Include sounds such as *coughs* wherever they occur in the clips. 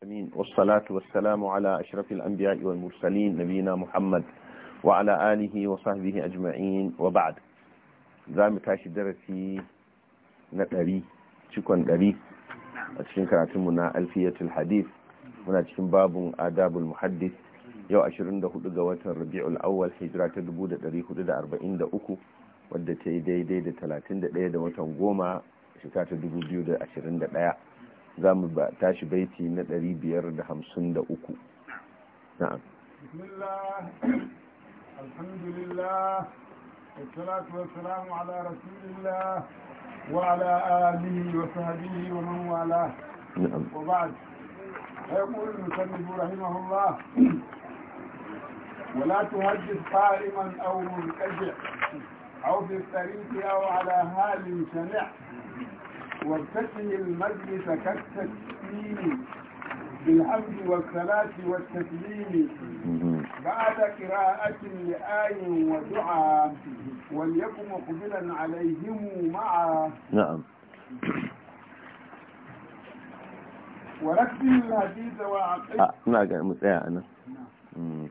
أمين والصلاة والسلام على أشرف الأنبياء والمرسلين نبينا محمد وعلى آله وصحبه أجمعين وبعد زام تاشي درسي نتري شكرا دري أتشين كراتمنا ألفية الحديث هنا تشين باب آداب المحدث يو أشرين ده هدو الربيع الأول هجرة دبودة دري هدو ده أربعين ده أكو wadda ta yi daidai da 31 da watan goma shekara ta 2021 za mu tashi baiti na 553 na'am الحمد لله والصلاة والسلام على رسول الله وعلى آله وصحبه ومن والاه نعم وبعد يقول المسلم رحمه الله ولا تهجد قائما أو منكجع أو في الطريق أو على هال شنع وابتسم المجلس كالتسليم بالحمد والصلاة والتسليم بعد قراءة لآي ودعاء وليكن مقبلا عليهم معا نعم وركب الحديث وعقيد آه، قال متأعنا نعم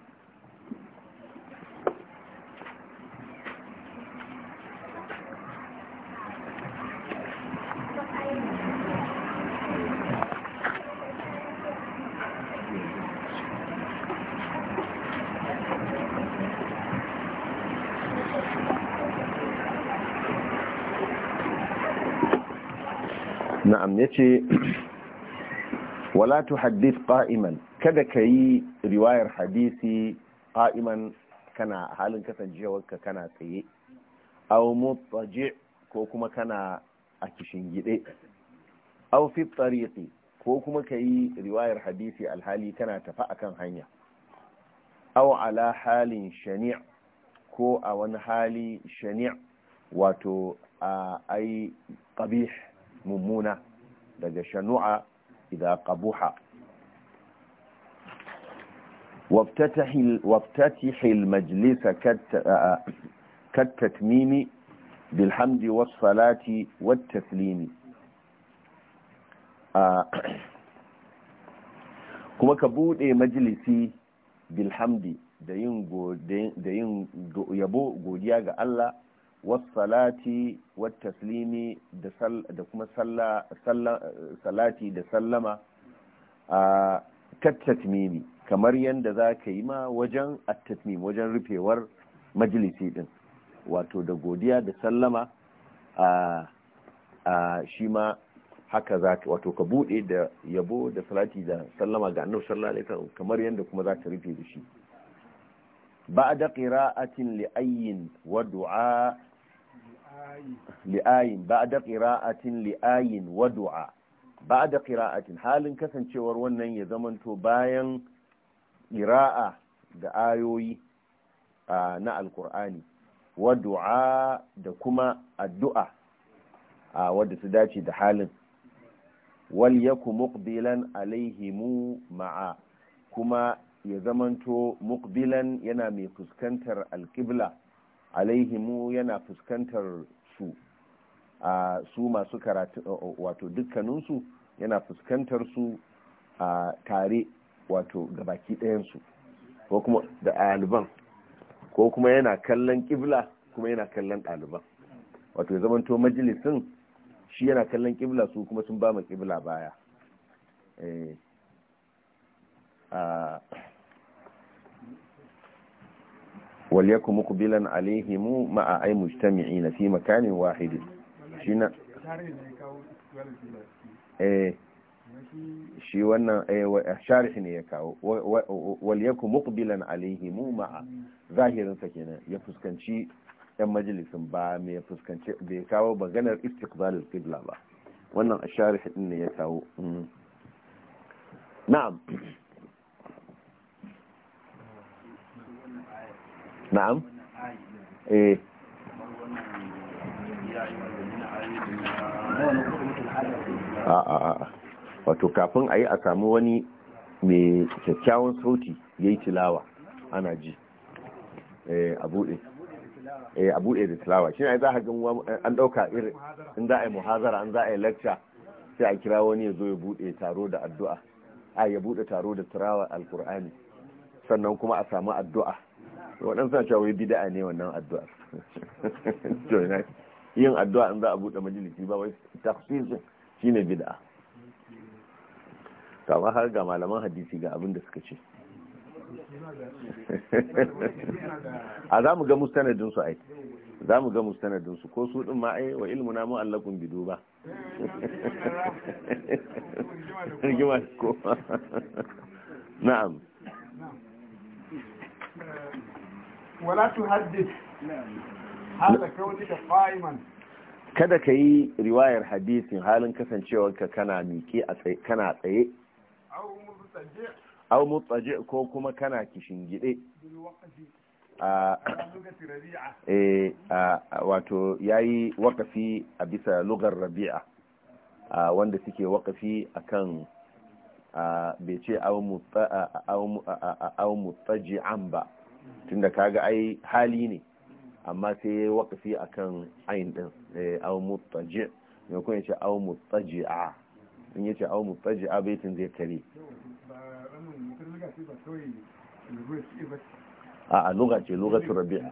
ya ce wala hadis ƙa'iman kada ka yi riwayar hadisi ƙa'iman kana halin kasancewarka kana tsaye aw mutaji ko kuma kana a kishin gide aw fi ko kuma ka yi riwayar hadisi alhali kana tafa a kan hanya au ala halin shani' ko a wani hali shani' wato a ai ƙabi mummuna daga shanu'a idan ƙabuha waftati hil majalisa kattatmini bilhamdi wasfalati wattaslimi ah, kuma ka buɗe majlisi bilhamdi da yin yabo godiya ga Allah wasalati wataslimi da kuma salati da sallama a tattatmimi kamar yadda za ka yi ma wajen attatmim wajen rufewar majalisi din wato da godiya da sallama a shi ma haka za ka wato ka bude da yabo da salati da sallama ga annabi sallallahu alaihi kamar yadda kuma za ka rufe da shi ba ba'da qira'atin li ayyin wa du'a li'ayin ba'da qira'atin li'ayin wa du'a ba'da qira'atin halin kasancewar wannan ya zamanto bayan ƙira'a da ayoyi na Alƙur'ani wa du'a da kuma addu'a wadda su dace da halin wal yaku muqbilan alaihimu ma'a kuma ya zamanto muqbilan yana mai fuskantar alƙibla. alaihimu yana fuskantar su a su masu karatu wato dukkaninsu yana fuskantar su a tare wato gabaki ɗayansu ko kuma da ɗaliban ko kuma yana kallon ƙibla kuma yana kallon ɗaliban wato ya zamanto majalisin shi yana kallon ƙibla su kuma sun ba mu ƙibla baya eh. وليكن مقبلا عليهم مع أي مجتمعين في مكان واحد شنا eh shi wannan sharih ne ya kawo walyaku muqbilan ma ma'a zahirinsa kenan ya fuskanci yan majalisin ba mai fuskanci ya kawo maganar istiqbal al-qibla ba wannan sharih ne ya kawo na'am na'am eh a'a wato kafin a yi a samu wani mai kyakkyawan sauti ya yi tilawa ana ji eh, a buɗe eh, a buɗe da tilawa shi ne za a gan an ɗauka irin in za a yi muhazara an za a yi lecture sai a kira wani ya zo ya buɗe taro da addu'a a ya buɗe taro da tilawa alkur'ani sannan kuma a samu addu'a waɗansu na cewa wai bida'a ne wannan addu'a *laughs* yin addu'a in za a buɗe majalisi ba wai tafsirin bi da'a to amma har ga malaman hadisi ga abin da suka ce *laughs* a za mu ga mustanadin su za mu ga mustanadin su ko su din ma ai wa ilmu na mu'allakun bido ba *laughs* rigima ko na'am wala tuhaddith hada kaunika qa'iman kada ka yi riwayar hadisin halin kasancewarka kana miƙe kana tsaye au mutsaje ko kuma kana kishingide eh, wato ya yi wakafi a bisa lugar rabi'a wanda suke wakafi a kan bai ce au mutsaji'an ba tunda kaga ai hali ne amma sai ya waƙafi a kan ayin ɗin eh, aumutaji ne kuma ya ce aumutaji a in ya ce aumutaji a baitin zai kare a a luga ce lugatu rabi'a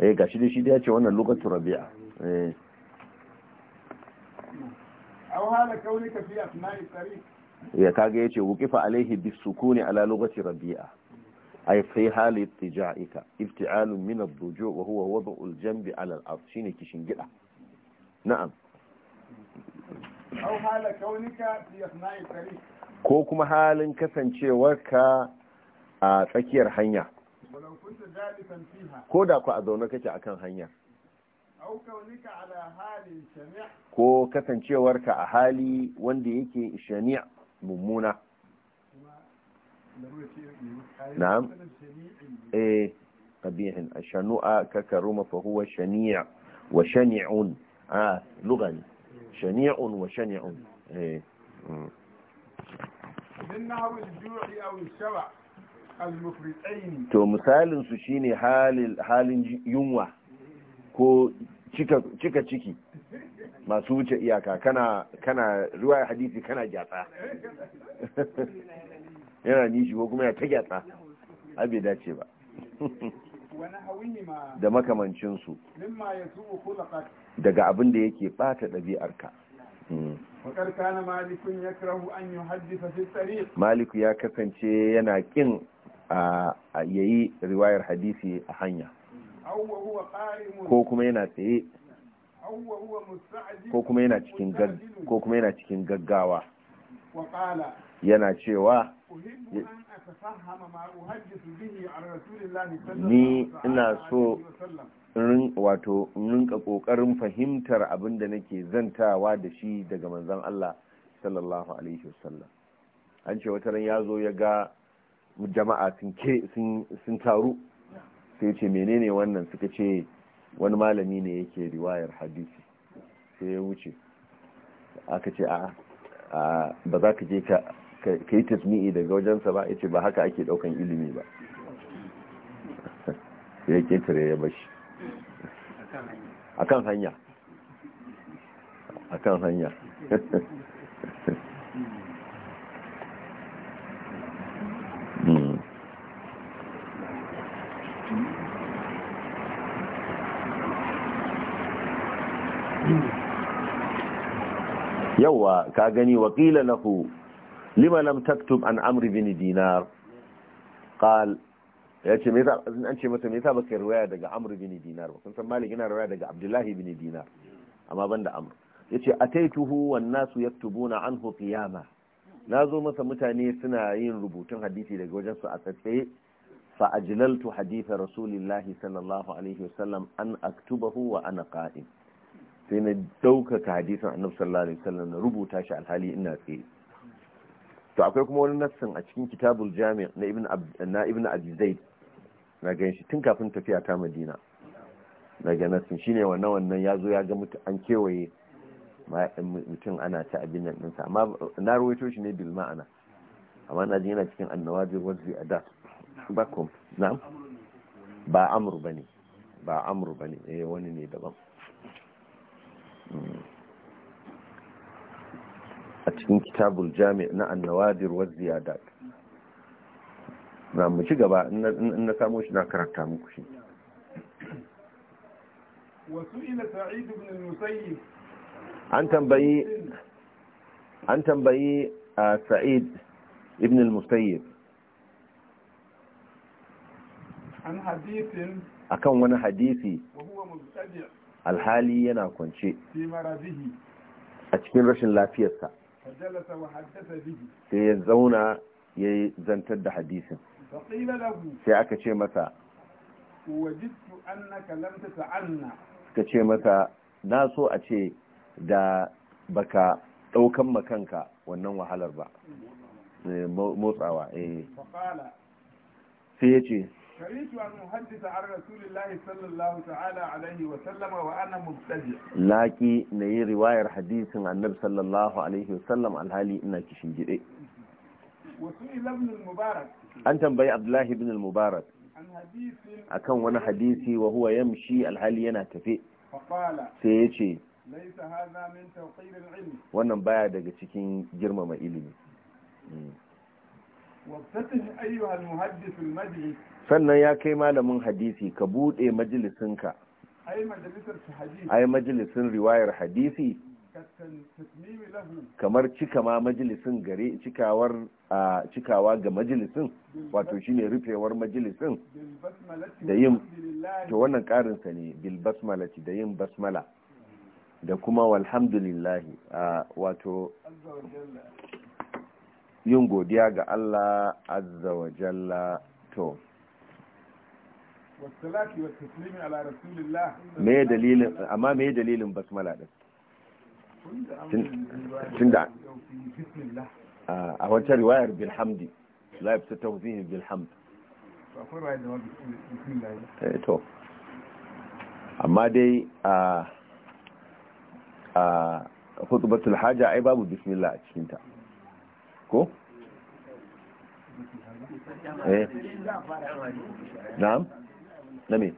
eh ga shi da shi da ya ce wannan lokacin rabi'a eh. ya kaga ya ce wukifa alaihi bisukuni ala lugati rabi'a ay fi hali tijaika ifti'alun min ad-duju wa huwa wad'u al-janbi 'ala al-ard shine kishin gida na'am aw hala kaunika fi asna'i tariq ko kuma halin kasancewarka a tsakiyar hanya ko da ku a zauna kake akan hanya ko kasancewarka a hali wanda yake shani' mummuna na'am shanua kakaruma fa huwa shani' wa shani'un ah lughani shani'un wa shani'un to misalin su shine halin yunwa ko cika ciki masu wuce iyaka kana kana ruwa hadisi kana gyatsa yana nishi ko kuma ya ta gyata a bai dace ba da makamancinsu daga abin da yake bata ɗabi'arka hmm. maliku ya kasance yana kin a yayi riwayar hadisi a hanya ko kuma yana tsaye ko kuma yana cikin gaggawa yana cewa ni ina so wato rinka kokarin fahimtar abin da nake zantawa da shi daga manzan Allah sallallahu alaihi wasallam an ce wata ran ya zo ya ga jama'a sun taru sai ce menene wannan suka ce wani malami ne yake riwayar hadisi sai ya wuce aka ce a ba za ka je ka ka yi tasmi'i daga wajensa ba ya ce ba haka ake daukan ilimi ba *laughs* ya ke tare ya bashi akan hanya akan hanya *laughs* hmm. yawa ka gani wakila lahu lima lam taktub an amri bin dinar qal ya ce an ce mata me yasa baka riwaya daga Amru bin dinar ba kun san malik yana riwaya daga abdullahi bin dinar amma banda amr yace ataituhu wan nasu yaktubuna anhu qiyama nazo masa mutane suna yin rubutun hadisi daga wajen su a tsaye fa ajlaltu haditha rasulillahi sallallahu alaihi wasallam an aktubahu wa ana qa'im sai na dauka hadisin annabi sallallahu alaihi wasallam na rubuta shi alhali ina tsaye to akwai kuma wani nassin a cikin kitabul jami na ibn na ibn na ganshi shi tun kafin tafiya ta madina na ga nassin shine wannan wannan ya zo ya ga mutum an kewaye mutum ana ta abin nan ɗinsa amma na rawaito shi ne bil ma'ana amma na ji yana cikin annawajir wazi a da bakum na'am ba amur bane ba amur bane eh wani ne daban hmm. a cikin kitabul jami na annawadir wa ziyadat na mu ci gaba in na samo shi na karanta muku shi an tambayi a sa'id ibn al-musayyib akan wani hadisi alhali yana kwance a cikin rashin lafiyarsa sai ya zauna ya yi zantar da hadisin sai aka ce masa suka ce masa na so a ce da baka ɗaukan makanka wannan wahalar ba eh, motsawa eh. sai ya ce كرهت أن أحدث عن رسول الله صلى الله تعالى عليه وسلم وأنا مبتدئ ناكي ني رواية حديث عن النبي صلى الله عليه وسلم على هالي إنك شنجري وسئل ابن المبارك أنت بي عبد الله بن المبارك عن حديث أكن وانا حديثي وهو يمشي الحالي ينا تفي فقال سيشي ليس هذا من توقير العلم وانا بايا دقا تكين جرم ما إلمي sannan ya kai malamin hadisi ka buɗe majalisinka ai majalisun riwayar hadisi kamar cika ma majalisin gare cikawa ga majalisun wato shine rufewar majalisin da yin ta wannan karinsa ne bil basmalati da yin basmala da kuma walhamdulillahi wato yin godiya ga Allah azza wa jalla to me dalilin amma me dalilin basmala din tunda a wata riwayar bilhamdi la yabta tawzihi bilhamd eh, to amma dai a a hutubatul haja ai babu bismillah a cikin ta. ko eh na'am na me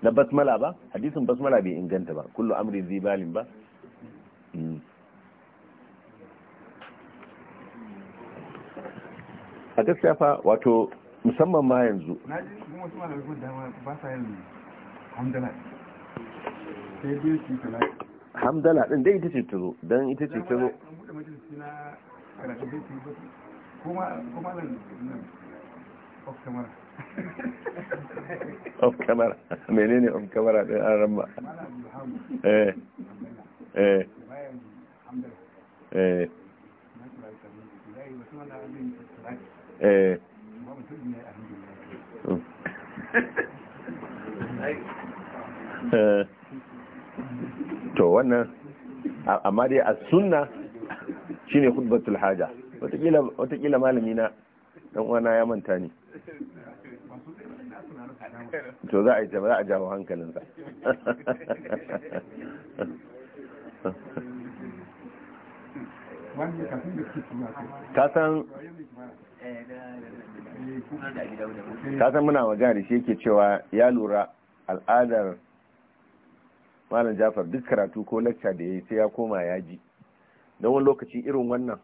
na basmala ba hadisin basmala bai inganta ba kullu amri zibalin ba hmm. a gaskiya fa wato musamman ma yanzu hamdala din dai ita ce ta zo don ita ce ta karatun kuma kuma nan nan camera *laughs* camera menene camera din an ramba eh eh eh. Eh. Oh. *laughs* eh to wannan amma dai a sunna shine hudbatul haja watakila malami na dan uwana ya manta ni? to za a za a jawo hankalinsa kasan kasan muna magana shi yake cewa ya lura al'adar malam jafar duk karatu ko lacca da ya yi sai ya koma ya ji na wani lokaci irin wannan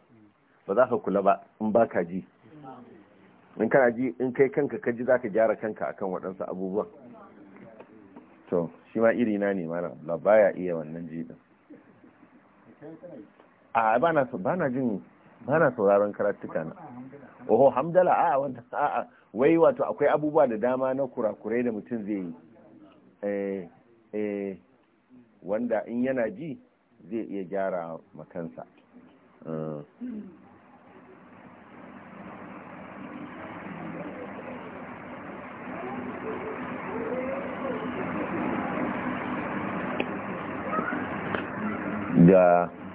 ba za ka kula ba in ba ka ji in kana ji in kai kanka ka ji za ka gyara kanka akan waɗansu abubuwa to shi ma iri na ne mana ba baya iya wannan ji din a ba na ba jin ba na sauraron karatuka na oho hamdala a wanda a wai wato akwai abubuwa da dama na kurakurai da mutum zai yi eh eh wanda in yana ji zai iya gyara makansa da mm.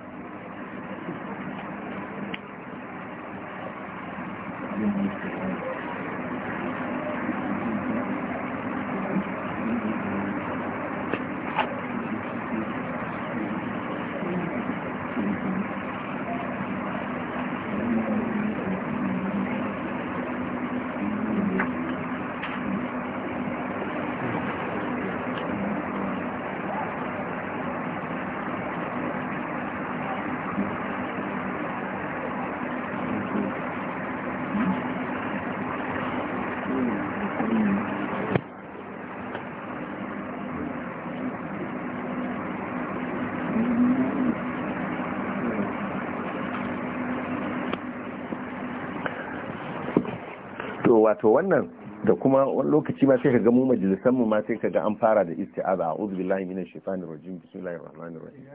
wato wannan da kuma wani lokaci ma sai ka ga mu majalisan mu ma sai ka ga an fara da isti'aza a'udhu billahi minash shaitanir rajim bismillahir rahmanir rahim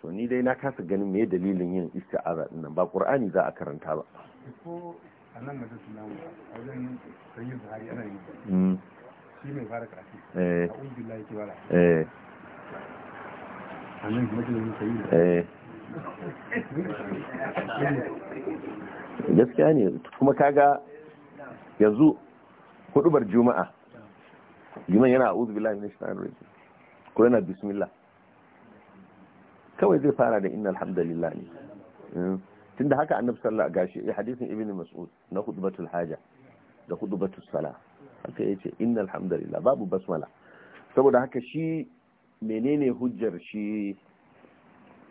to ni dai na kasa ganin me dalilin yin isti'aza din nan ba qur'ani za a karanta ba ko anan mace sunan wajen sanyin zahari ana yi mm. shi mai fara karatu eh a'udhu billahi kibara eh anan mace sanyin eh *laughs* gaskiya ne kuma kaga yanzu hudubar juma'a juma'a yana a uzu billahi nishinan shaitanir rajim ko yana bismillah kawai zai fara da inna alhamdulillah ne hmm. tunda haka annabi sallallahu alaihi wasallam gashi ibn mas'ud na hudubatul haja da hudubatul sala haka yace inna alhamdulillah babu basmala saboda haka shi menene hujjar shi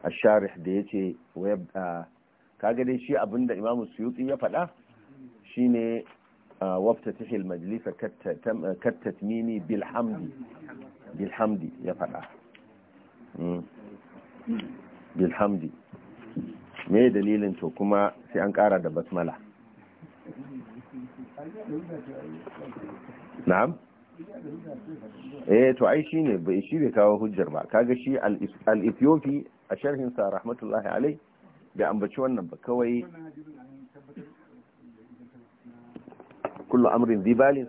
a sharih da yace wayabda kaga dai shi abinda imamu suyuti ya faɗa shine وافتتح المجلس كالتتميم بالحمد بالحمد يا فقه بالحمد me dalilin to kuma sai an kara da basmala na'am eh to ai shi ne, bai shi bai kawo hujjar ba kaga shi al-ethiopi a sharhin sa rahmatullahi alai bai ambaci wannan ba kawai kullu amrin zi balin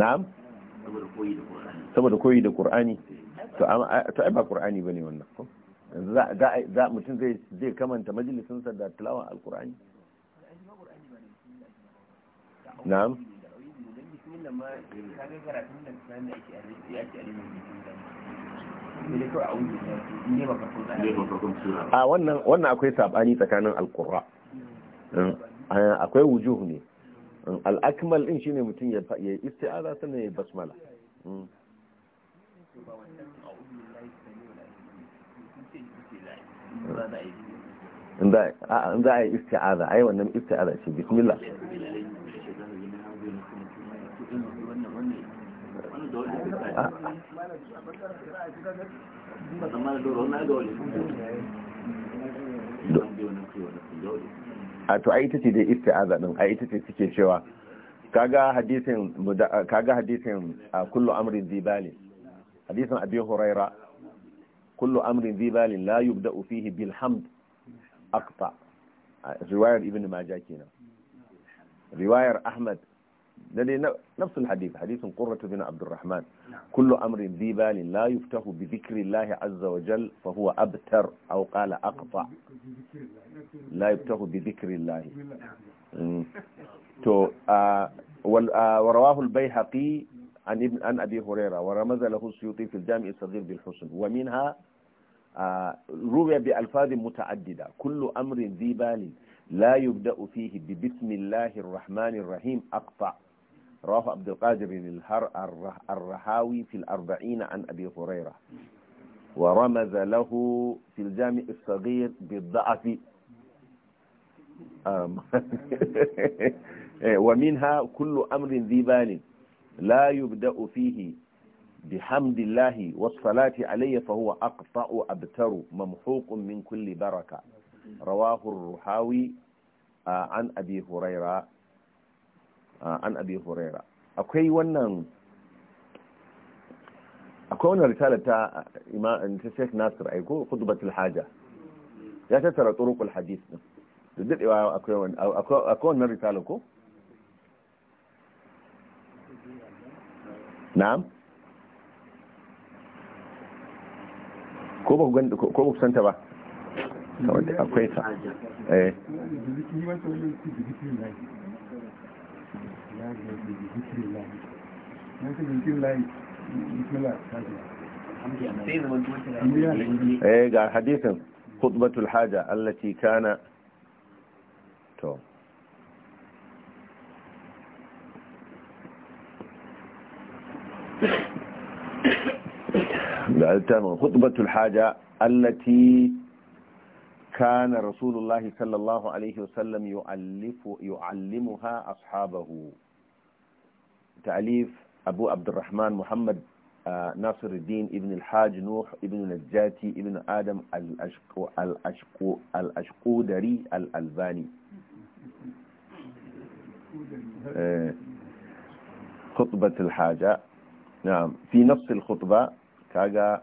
na'am saboda koyi da qur'ani to ai ba ba ne wannan ko za mutum zai kamanta majalisinsa da tilawan alkur'ani na'am ma karatun da ya ce alimin a wannan wannan akwai sabani tsakanin alqurra hmm. eh, eh, akwai wujuh ne hmm, al-akmal din shine mutum ya yi isti'aza sannan ya basmala in za a yi isti'aza ai wannan isti'aza ce bismillah a to a ita ce dai isti'aza din a ita ce suke cewa kaga hadisin a kullu amrin zibali hadisin abin huraira kullu amrin zibali la yubda'u fihi bilhamd hamd a riwayar ibn majah riwayar ahmad نفس الحديث حديث قرة بن عبد الرحمن نعم. كل أمر ذي بال لا يفتح بذكر الله عز وجل فهو أبتر أو قال أقطع لا يفتح بذكر الله تو آه، آه، ورواه البيهقي عن ابن عن أبي هريرة ورمز له السيوطي في الجامع الصغير بالحسن ومنها آه، روي بألفاظ متعددة كل أمر ذي بال لا يبدأ فيه ببسم الله الرحمن الرحيم أقطع رواه عبد القادر الرحاوي في الأربعين عن أبي هريرة ورمز له في الجامع الصغير بالضعف *laughs* إيه، ومنها كل أمر ذي بال لا يبدأ فيه بحمد الله والصلاة علي فهو أقطع أبتر ممحوق من كل بركة رواه الرحاوي آه، عن أبي هريرة an abi huraira akwai wannan akwai wannan risala ta imam ta Sheikh Nasir aiko khutbatul haja ya ta tara turuqul hadith din duk da cewa akwai akwai wannan risala ko na'am ko ba ku ko ba ku santa ba akwai ta eh ايه قال خطبة الحاجة التي كان تو خطبة الحاجة التي كان رسول الله صلى الله عليه وسلم يؤلف يعلمها أصحابه والتعليف أبو عبد الرحمن محمد آه، ناصر الدين ابن الحاج نوح ابن نجاتي ابن آدم الأشقو الأشقو الأشقودري الألباني آه، خطبة الحاجة نعم في نفس الخطبة كذا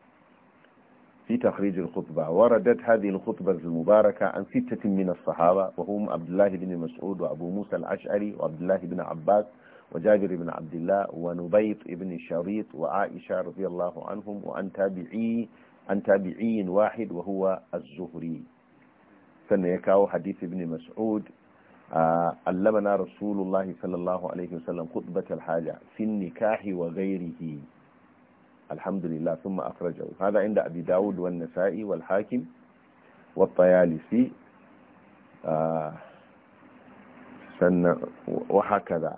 في تخريج الخطبة وردت هذه الخطبة المباركة عن ستة من الصحابة وهم عبد الله بن مسعود وأبو موسى الأشعري وعبد الله بن عباس وجابر بن عبد الله ونبيط بن شريط وعائشة رضي الله عنهم وعن تابعي عن تابعي واحد وهو الزهري سنة يكاو حديث ابن مسعود آه، علمنا رسول الله صلى الله عليه وسلم خطبة الحاجة في النكاح وغيره alhamdulillah thumma akhrajahu hada inda abi daud wan nasa'i wal hakim wat tayalisi ah, sannan wa hakaza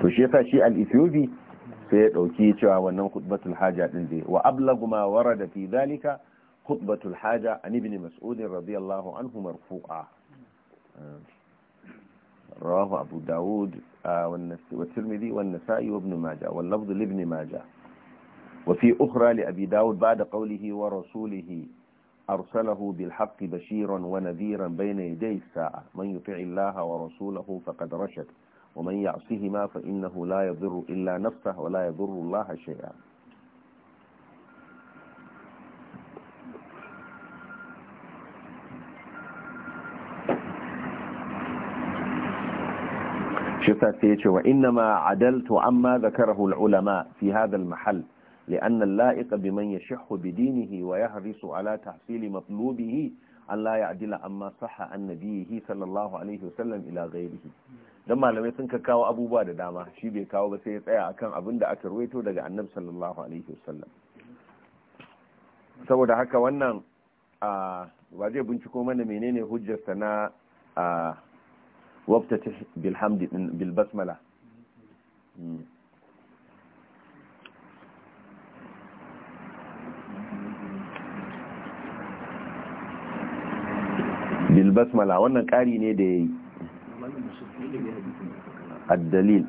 to shi yasa shi al-ithiobi sai ya dauki cewa wannan khutbatul haja din dai wa ablagu ma warada fi dhalika khutbatul haja mas'udin ibn mas'ud radiyallahu anhu marfu'a ah, رواه أبو داود آه، والترمذي والنسائي وابن ماجه واللفظ لابن ماجه وفي أخرى لأبي داود بعد قوله ورسوله أرسله بالحق بشيرا ونذيرا بين يدي الساعة من يطع الله ورسوله فقد رشد ومن يعصهما فإنه لا يضر إلا نفسه ولا يضر الله شيئا yasa sai ya ce wa inna ma adaltu amma zakarahu ulama fi hadha al-mahall لأن اللائق بمن يشح بدينه ويحرص على تحصيل مطلوبه أن لا يعدل أما صح عن نبيه صلى الله عليه وسلم إلى غيره dan malamai sun ka kawo abubuwa da dama shi bai kawo ba sai ya tsaya akan abin da aka ruwaito daga annabi sallallahu alaihi wasallam saboda haka wannan ba zai binciko mana menene hujjarsa na wabtatih bil hamdi bil wannan ƙari ne da yayi ad-dalil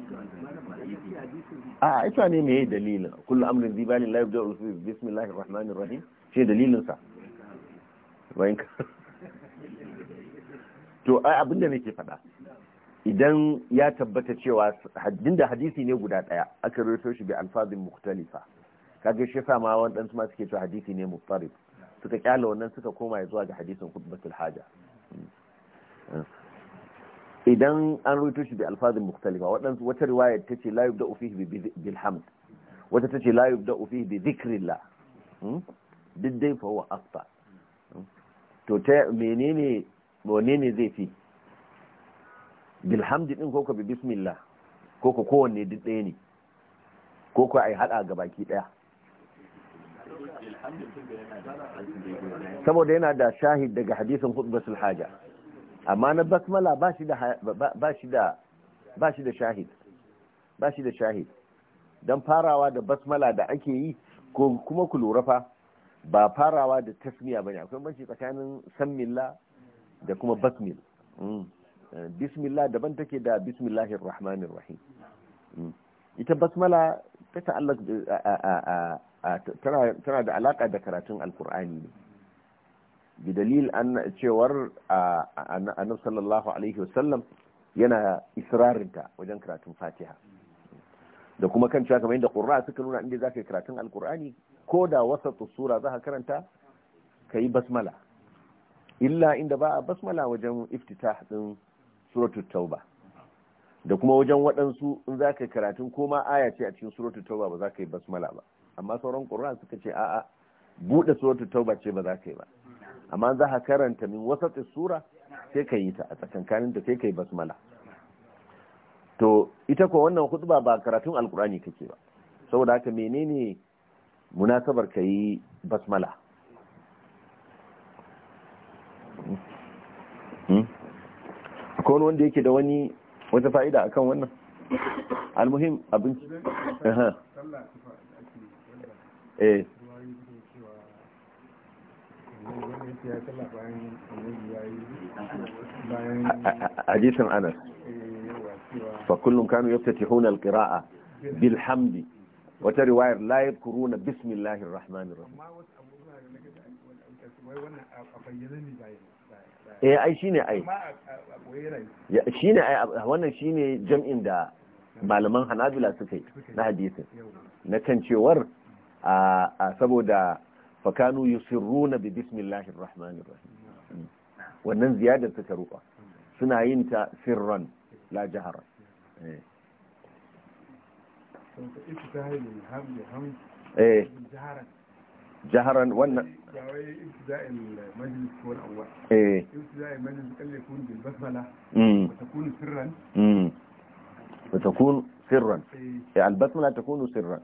a ita ne mai dalilin kullu amrin zibalin la yabda usul bismillahir rahmanir rahim shi dalilin to abinda nake faɗa idan ya tabbata cewa da hadisi ne guda daya aka rawaito shi bi alfazin mukhtalifa kaga shi yasa ma wadansu ma suke cewa hadisi ne muftarif suka kyala wannan suka koma zuwa ga hadisin khutbatul haja idan an rawaito shi bi alfazin mukhtalifa wadansu wata riwaya ta ce la yubda fihi bil hamd wata tace la yubda fihi bi dhikrillah duk dai fa huwa asfa to ta menene menene zai fi bilhamdi din ko ka bi bismillah ko ka kowanne duk ɗaya ne ko ka ai hada ga baki ɗaya saboda yana da shahid daga hadisin hutbatul haja amma na basmala ba shi da ba shi da ba shi da shahid ba shi da shahid don farawa da basmala da ake yi ko kuma ku lura fa ba farawa da tasmiya bane akwai banci tsakanin sammilla da kuma basmil hmm. Eh, bismillah daban take da bismillahir rahmanir rahim mm. ita basmala ta ta'allaq eh, eh, tana da alaka da karatun alqur'ani ne bi dalil an cewar annabi sallallahu alaihi wasallam yana israrinta wajen karatun fatiha da kuma kan cewa kamar yadda qurra suka nuna inda zaka karatun alqur'ani ko da wasatu sura zaka karanta kai basmala illa inda ba basmala wajen iftitah din suratul tauba da kuma wajen waɗansu in za ka yi karatun koma ma aya ce a cikin suratul tauba ba za ka yi basmala ba amma sauran ƙur'an suka ce a'a buɗe suratul tauba ce ba za ka yi ba amma za ka karanta min wasa sura sai ka yi ta a tsakankanin da sai ka yi basmala to ita ko wannan hutuba ba karatun alkur'ani kake ba saboda haka menene munasabar ka yi basmala hmm? Hmm? akwai wani wanda yake da wani wata fa'ida akan wannan almuhim abinci eh hadisin anas fa kullum kanu alqira'a wata riwayar la bismillahir rahmanir rahim eh ai shine ai shine ai wannan shine jam'in da malaman hanabila suka yi na hadisin na kan cewar a saboda fakanu yusirruna bi bismillahir rahmanir rahim wannan ziyadar suka rufa suna yin ta sirran la jahara eh, eh. jaharan wannan ba wai ibtida'il majlis ko al-awwal eh ibtida'il majlis kan yakun bil basmala wa takun sirran wa takun sirran eh al-basmala takunu sirran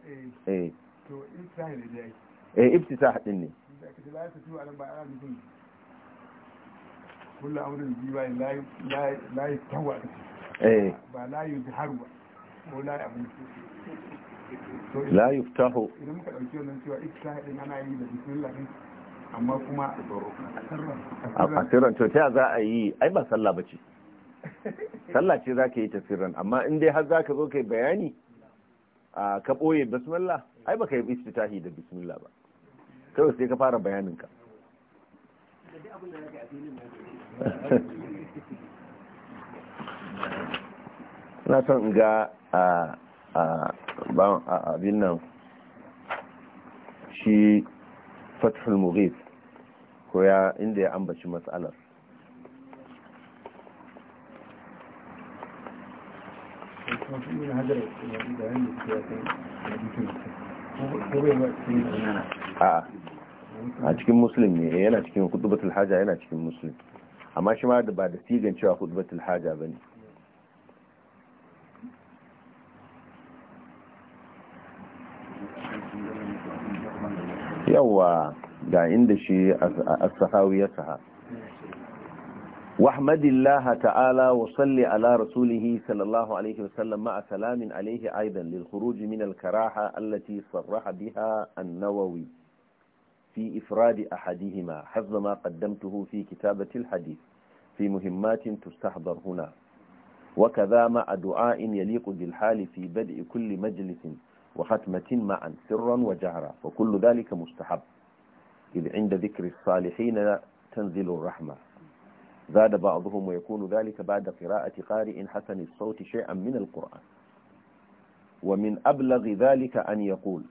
eh to ibtida'il dai eh ibtida'il din ne كل أمر بيوا لا لا لا يتوى إيه لا يظهر ولا يعمل لا يفتح إذا ممكن أقول لك أنت إيش كان أنا عايز بسم الله amma kuma a a sirran to ta za a yi ai ba sallah bace sallah ce za ka yi ta sirran amma in dai har za ka zo kai bayani a ka ɓoye bismillah ai ba ka yi istitahi da bismillah ba kawai sai ka fara bayaninka na son in ga a abin nan shi fathul mughith ko ya inda ya ambaci matsalar a cikin musulun ne yana cikin hudubatul haja yana cikin musulun amma shi ma da ba da sigan cewa hudubatul haja ba ne yawwa ga inda shi as-sahawi واحمد الله تعالى وصل على رسوله صلى الله عليه وسلم مع سلام عليه أيضا للخروج من الكراهة التي صرح بها النووي في إفراد أحدهما حفظ ما قدمته في كتابة الحديث في مهمات تستحضر هنا وكذا مع دعاء يليق بالحال في بدء كل مجلس وختمة معا سرا وجهرا وكل ذلك مستحب إذ عند ذكر الصالحين تنزل الرحمة زاد بعضهم ويكون ذلك بعد قراءة قارئ حسن الصوت شيئا من القرآن ومن أبلغ ذلك أن يقول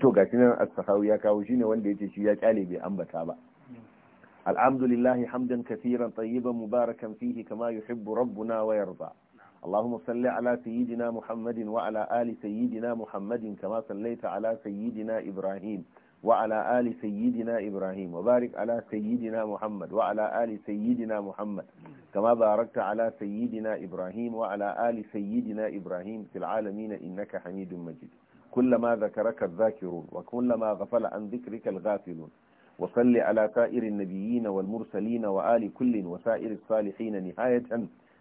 توقعتنا ga shi nan as-sahawi ya kawo shine الحمد لله حمدا كثيرا طيبا مباركا فيه كما يحب ربنا ويرضى اللهم صل على سيدنا محمد وعلى آل سيدنا محمد كما صليت على سيدنا إبراهيم وعلى آل سيدنا إبراهيم وبارك على سيدنا محمد وعلى آل سيدنا محمد كما باركت على سيدنا إبراهيم وعلى آل سيدنا إبراهيم في العالمين إنك حميد مجيد كلما ذكرك الذاكرون وكلما غفل عن ذكرك الغافلون وصل على سائر النبيين والمرسلين وآل كل وسائر الصالحين نهاية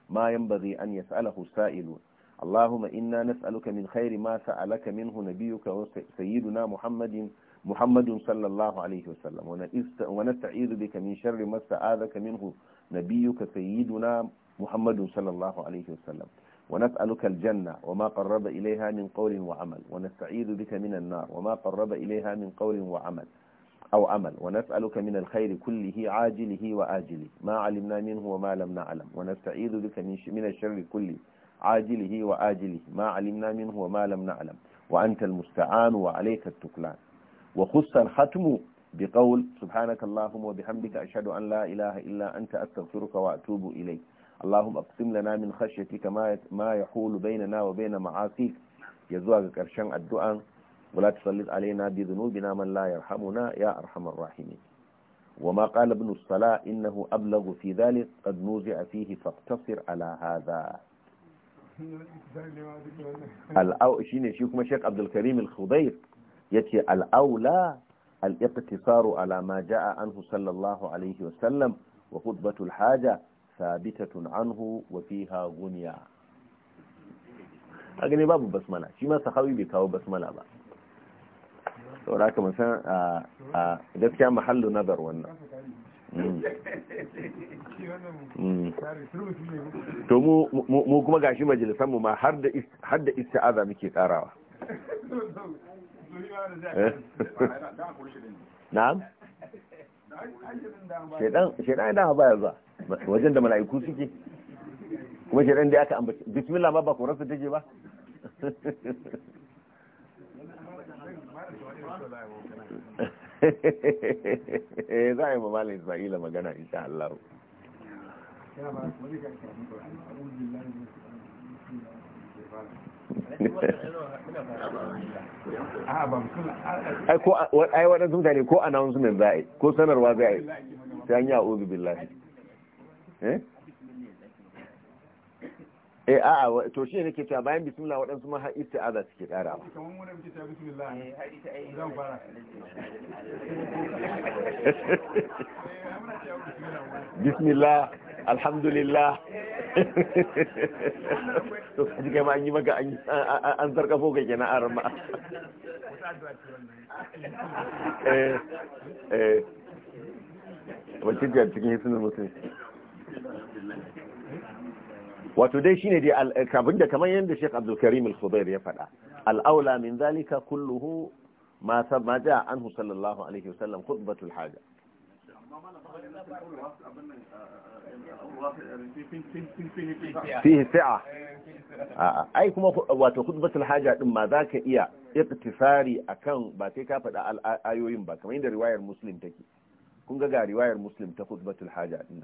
ما ينبغي أن يسأله السائلون اللهم إنا نسألك من خير ما سألك منه نبيك وسيدنا محمد محمد صلى الله عليه وسلم ونستعيذ بك من شر ما استعاذك منه نبيك سيدنا محمد صلى الله عليه وسلم ونسألك الجنة وما قرب إليها من قول وعمل ونستعيذ بك من النار وما قرب إليها من قول وعمل أو عمل ونسألك من الخير كله عاجله وآجله ما علمنا منه وما لم نعلم ونستعيذ بك من الشر كله عاجله وآجله ما علمنا منه وما لم نعلم وأنت المستعان وعليك التكلان وخص الختم بقول سبحانك اللهم وبحمدك أشهد أن لا إله إلا أنت أستغفرك وأتوب إليك اللهم أقسم لنا من خشيتك ما ما يحول بيننا وبين معاصيك يزواج كرشان الدعاء ولا تسلط علينا بذنوبنا من لا يرحمنا يا أرحم الراحمين وما قال ابن الصلاة إنه أبلغ في ذلك قد نوزع فيه فاقتصر على هذا الأو شيء شيخ مشيخ عبد الكريم الخضير yace al'aula al-iqtisaru ala ma ja'a anhu sallallahu alaihi wa sallam wa khutbatul haja sabitatun anhu wa fiha gunya a gani babu basmala shi ma sahawi bai kawo basmala ba saboda haka san a gaskiya mahallu nazar wannan hmm. Hmm. to mu kuma gashi majalisanmu ma har da isti'aza muke karawa Eh? na'am shaidan shaidan da baya zuwa wajen da mala'iku suke kuma shaidan da aka ambaci bismillah ma ba korarsa take ba eh, za a yi mamala isra'ila magana insha Allah ai waɗansu mutane ko announcement za a yi ko sanarwa za a yi sai an yi a ozu billahi eh? eh a to shi ne nake ta bayan bismillah waɗansu ma har isti'aza suke ƙara ba eh, *laughs* bismillah alhamdulillah to kaji kai ma an yi maka an an sarkafo ke kenan a *laughs* eh eh wacce cikin hisunan musulmi wato dai shine dai abin da kamar yadda Sheikh Abdul Karim Al-Khudair ya faɗa al-aula min zalika kulluhu ma sabma ja anhu sallallahu alaihi wasallam khutbatul haja fihi sa'a ai kuma wato khutbatul haja din ma zaka iya iktisari akan ba sai ka faɗa ayoyin ba kamar yadda riwayar Muslim take kun ga ga riwayar Muslim ta khutbatul haja din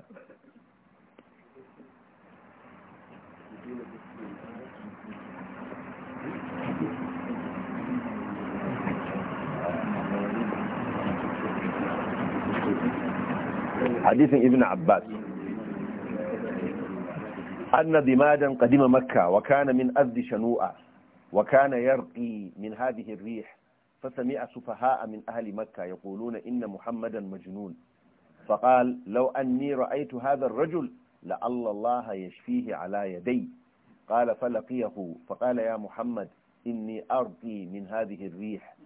حديث ابن عباس أن دمادا قدم مكة وكان من أذ شنوءة وكان يرقي من هذه الريح فسمع سفهاء من أهل مكة يقولون إن محمدا مجنون فقال لو أني رأيت هذا الرجل لعل الله يشفيه على يدي قال فلقيه فقال يا محمد إني أرقي من هذه الريح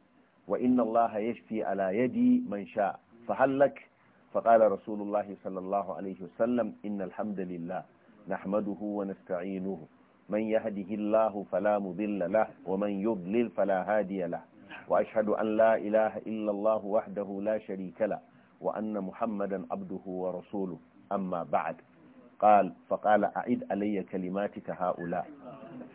وإن الله يشفي على يدي من شاء فهل لك فقال رسول الله صلى الله عليه وسلم إن الحمد لله نحمده ونستعينه من يهده الله فلا مضل له ومن يضلل فلا هادي له وأشهد أن لا إله إلا الله وحده لا شريك له وأن محمدا عبده ورسوله أما بعد قال فقال أعيد علي كلماتك هؤلاء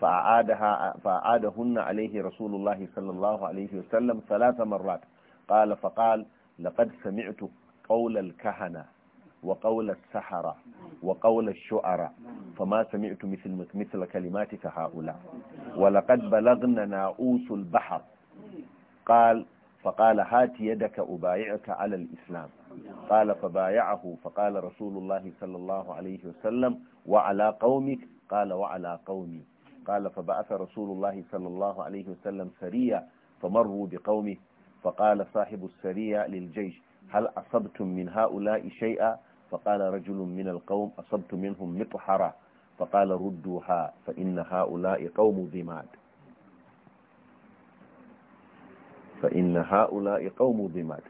فأعادها فأعادهن عليه رسول الله صلى الله عليه وسلم ثلاث مرات قال فقال لقد سمعت قول الكهنة وقول السحرة وقول الشعراء فما سمعت مثل مثل كلماتك هؤلاء ولقد بلغنا ناؤوس البحر قال فقال هات يدك أبايعك على الإسلام قال فبايعه فقال رسول الله صلى الله عليه وسلم وعلى قومك قال وعلى قومي قال فبعث رسول الله صلى الله عليه وسلم سرية فمروا بقومه فقال صاحب السرية للجيش هل أصبتم من هؤلاء شيئا فقال رجل من القوم أصبت منهم مطحرة فقال ردوها فإن هؤلاء قوم ضماد فإن هؤلاء قوم ضماد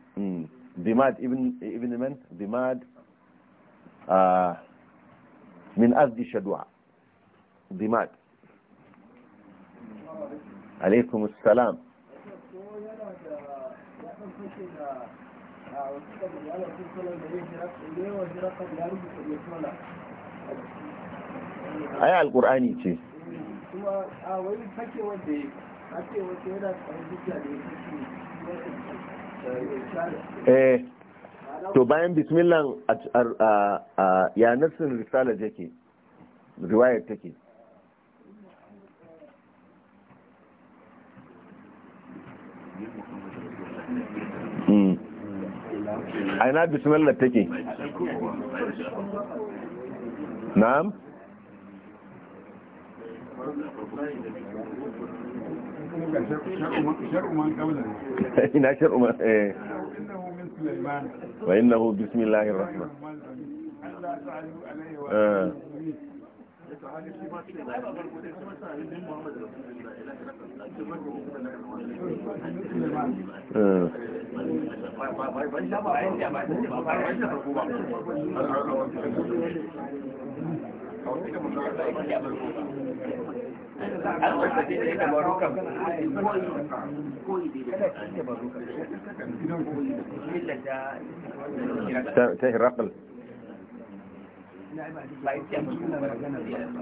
ضماد ابن ابن من ضماد من أزد شدوع ضماد عليكم السلام aya alkur'ani ce kuma a wani fake wanda ya fake wanda yana tsarin da eh to bayan bismillah a ya nassin risala jake riwayar take aina hmm. bismillah take na'am *laughs* إن أشر إيه. وإنه بسم الله الرحمن الرحيم آه. آه. آه.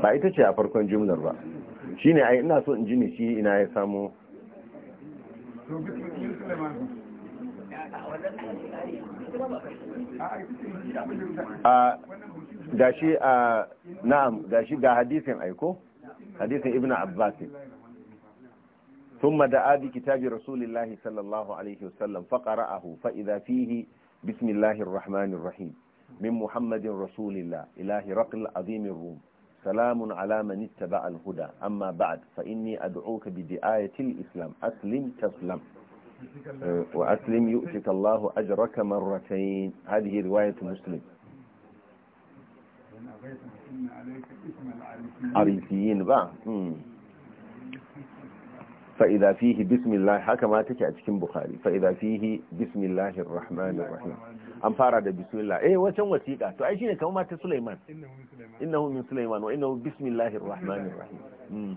ba ita ce a farkon jimlar ba shi ne ina so in ji ne shi ina ya samu a gashi a na'am gashi ga hadisin aiko hadisin ibn abbas ثم دعا بكتاب رسول الله صلى الله عليه وسلم فقرأه فإذا فيه بسم الله الرحمن الرحيم من محمد رسول الله إله رقل عظيم الروم سلام على من اتبع الهدى أما بعد فإني أدعوك بدعاية الإسلام أسلم تسلم وأسلم يؤتك الله أجرك مرتين هذه رواية مسلم arifiyin ba fa'iza fihi bismillah haka ma take a cikin bukhari fa'iza fihi bismillahir rahmanir rahim an fara da bismillah eh wacan wasiƙa to aiki ne kamar mata Sulaiman Inna min Sulaiman wa 'inna bismillahir rahmanir rahim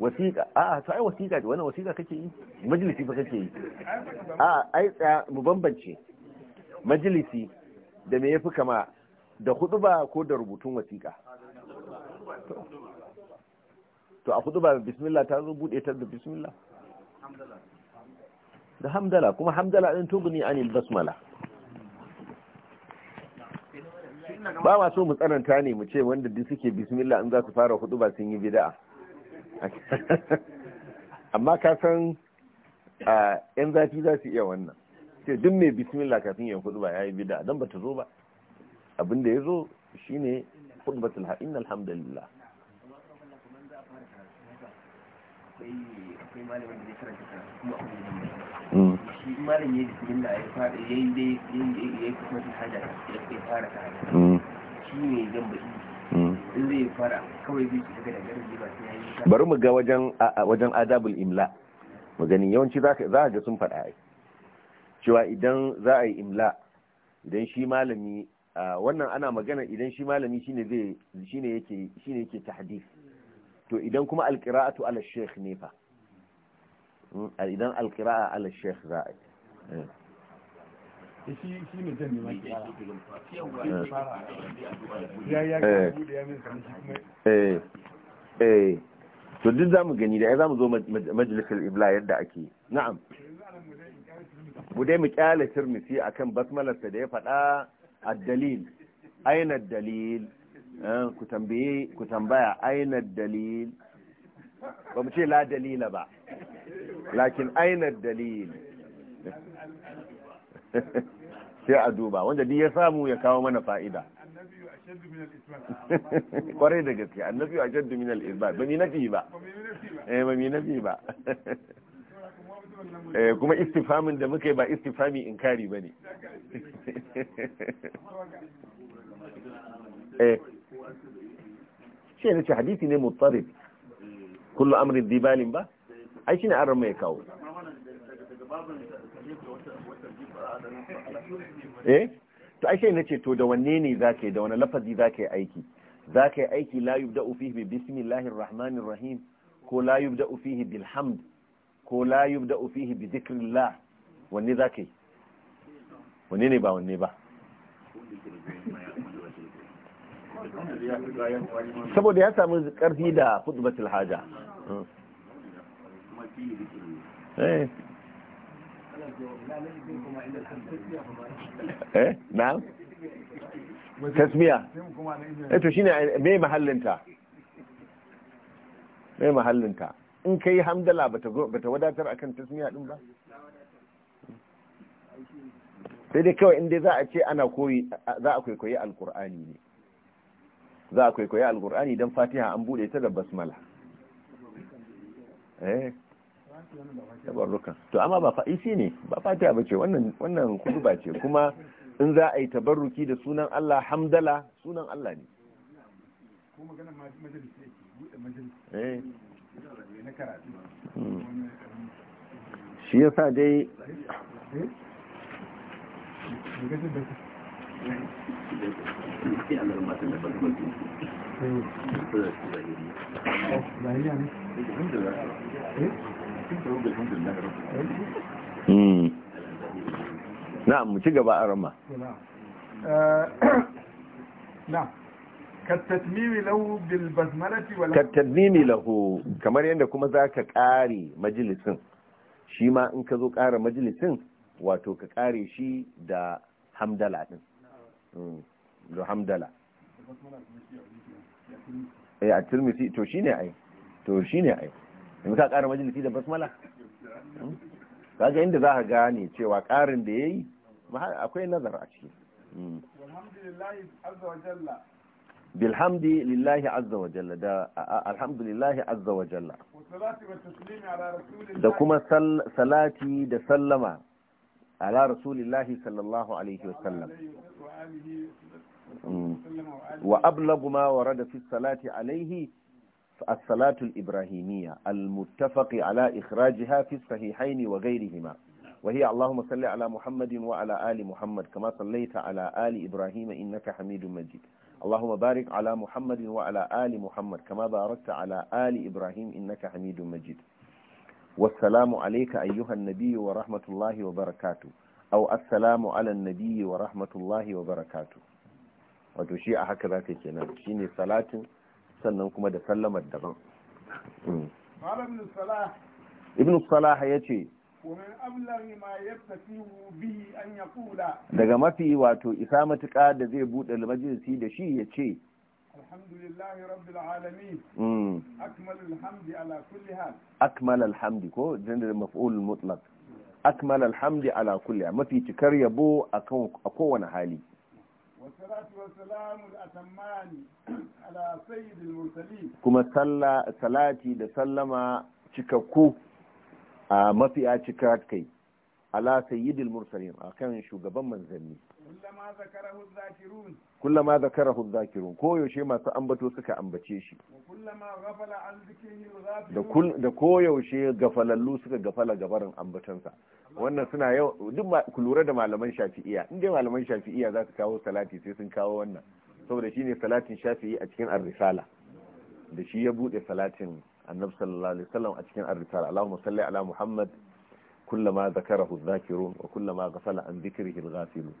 wasiƙa a to ai wasiƙa ce wani wasiƙa kake yi majalisi ba kake yi a ai mu bambance majalisi da me yafi kama da ba ko da rubutun wasiƙa to a ba bismillah ta zo bude ta da bismillah da hamdala kuma hamdala din ne anil basmala ba ma so mu tsananta ne mu ce wanda duk suke bismillah in za su fara hudu ba sun yi bid'a *laughs* amma ka san yan zafi za su iya wannan ce duk mai bismillah kafin ya hudu ba ya yayi bid'a ba ta zo ba abin da ya zo shi ne shine ba ha innal alhamdulillah hmm. hmm. hmm. bari mu ga wajen adabul imla mu gani yawanci za ga sun faɗa ai cewa idan za a yi imla idan shi malami wannan ana magana idan shi malami shine zai shine yake shine yake tahdif to idan kuma alqira'atu ala sheikh ne fa hmm, idan alqira'a ala sheikh za a yi hmm. eh, shi shi ne zan nema ya ya ya eh. min eh, to duk zamu gani da ai zamu zo majalisar ibla yadda ake na'am mu dai mu kyale tirmisi akan basmalarsa da ya faɗa addalil aina dalil eh, ku tambaye ku tambaya aina dalil ba mu ce la dalila ba lakin aina dalil *laughs* sai a duba wanda duk ya samu ya kawo mana fa'ida *laughs* kwarai da gaske annabi a jaddu min al-isbat ba mi nafi ba eh ba mi nafi ba *laughs* Eh, kuma istifamin da muka yi ba istifami inkari ba ne *laughs* eh, shi ne ce hadisi ne mutarif kullu amrin dibalin ba ai shi ne an mai kawo eh to ai shi ne ce to da wanne ne za ka yi da wani lafazi za ka yi aiki za ka yi aiki la yubda'u fihi bi bismillahir rahmanir rahim ko la yubda'u fihi bil hamd ko la yubda'u fihi bi dhikrillah wanne zaka yi wanne ne ba wanne ba saboda ya samu karfi da khutbatul haja eh eh na'am tasmiya eh to shine me mahallinta me mahallinta in ka yi hamdala ba ta wadatar akan tasmiya din ba sai dai kawai inda za a ce ana koyi za a kwaikwayi alkur'ani ne za a kwaikwayi alkur'ani don fatiha an bude ta da basmala eh to amma ba fa'isi ne ba fatiha ba ce wannan kudu ba ce kuma in za a yi tabarruki da sunan Allah hamdala sunan Allah ne majalisi ne Hmm. shi yasa dai eh? hmm. hmm. na mu ci gaba a rama na *coughs* kattatmimi lahu kamar yadda kuma za ka ƙare majalisin shi ma in ka zo ƙara majalisin wato ka ƙare shi da hamdala ɗin da hamdala a turmisi to shi ne ai to shi ne ai in ka ƙara majalisi da basmala kaga inda za ka gane cewa ƙarin da ya yi akwai nazar a ciki alhamdulillah بالحمد لله عز وجل دا الحمد لله عز وجل وصلاتي والتسليم على رسول الله دكما سل صلاتي دسلم على رسول الله صلى الله عليه وسلم وابلغ ما ورد في الصلاه عليه الصلاه الابراهيميه المتفق على اخراجها في الصحيحين وغيرهما وهي اللهم صل على محمد وعلى ال محمد كما صليت على ال ابراهيم انك حميد مجيد اللهم بارك على محمد وعلى آل محمد كما باركت على آل إبراهيم إنك حميد مجيد والسلام عليك أيها النبي ورحمة الله وبركاته أو السلام على النبي ورحمة الله وبركاته وتشيء هكذا كنا شيني صلاة سننكم دسلم الدبن قال ابن الصلاح ابن الصلاح يتي daga mafi wato isa matuka da zai buɗe majalisi da shi ya ce alhamdulillahi rabbil alamin hmm, akmal alhamdi ala kulli hal akmal alhamdi ko jindar maf'ul mutlaq akmal alhamdi ala kulli hal mafi cikar yabo akan a kowane hali kuma salati da sallama cikakku a a cika kai ala sayyidil mursalin kan shugaban manzanni kullama zakarahu zakirun ko yaushe masu ambato suka ambace shi da ko yaushe gafalallu suka gafala gabarin ambatansa wannan suna yau duk ku lura da malaman shafi'iya inda malaman shafi'iya za su kawo salati sai sun kawo wannan saboda shine salatin shafi'i a cikin ar-risala da shi ya bude salatin annabi sallallahu alaihi wasallam a cikin ar-risala Allahumma salli ala Muhammad kullama zakarahu adh-dhakirun wa kullama ghafala an dhikrihi al-ghafilun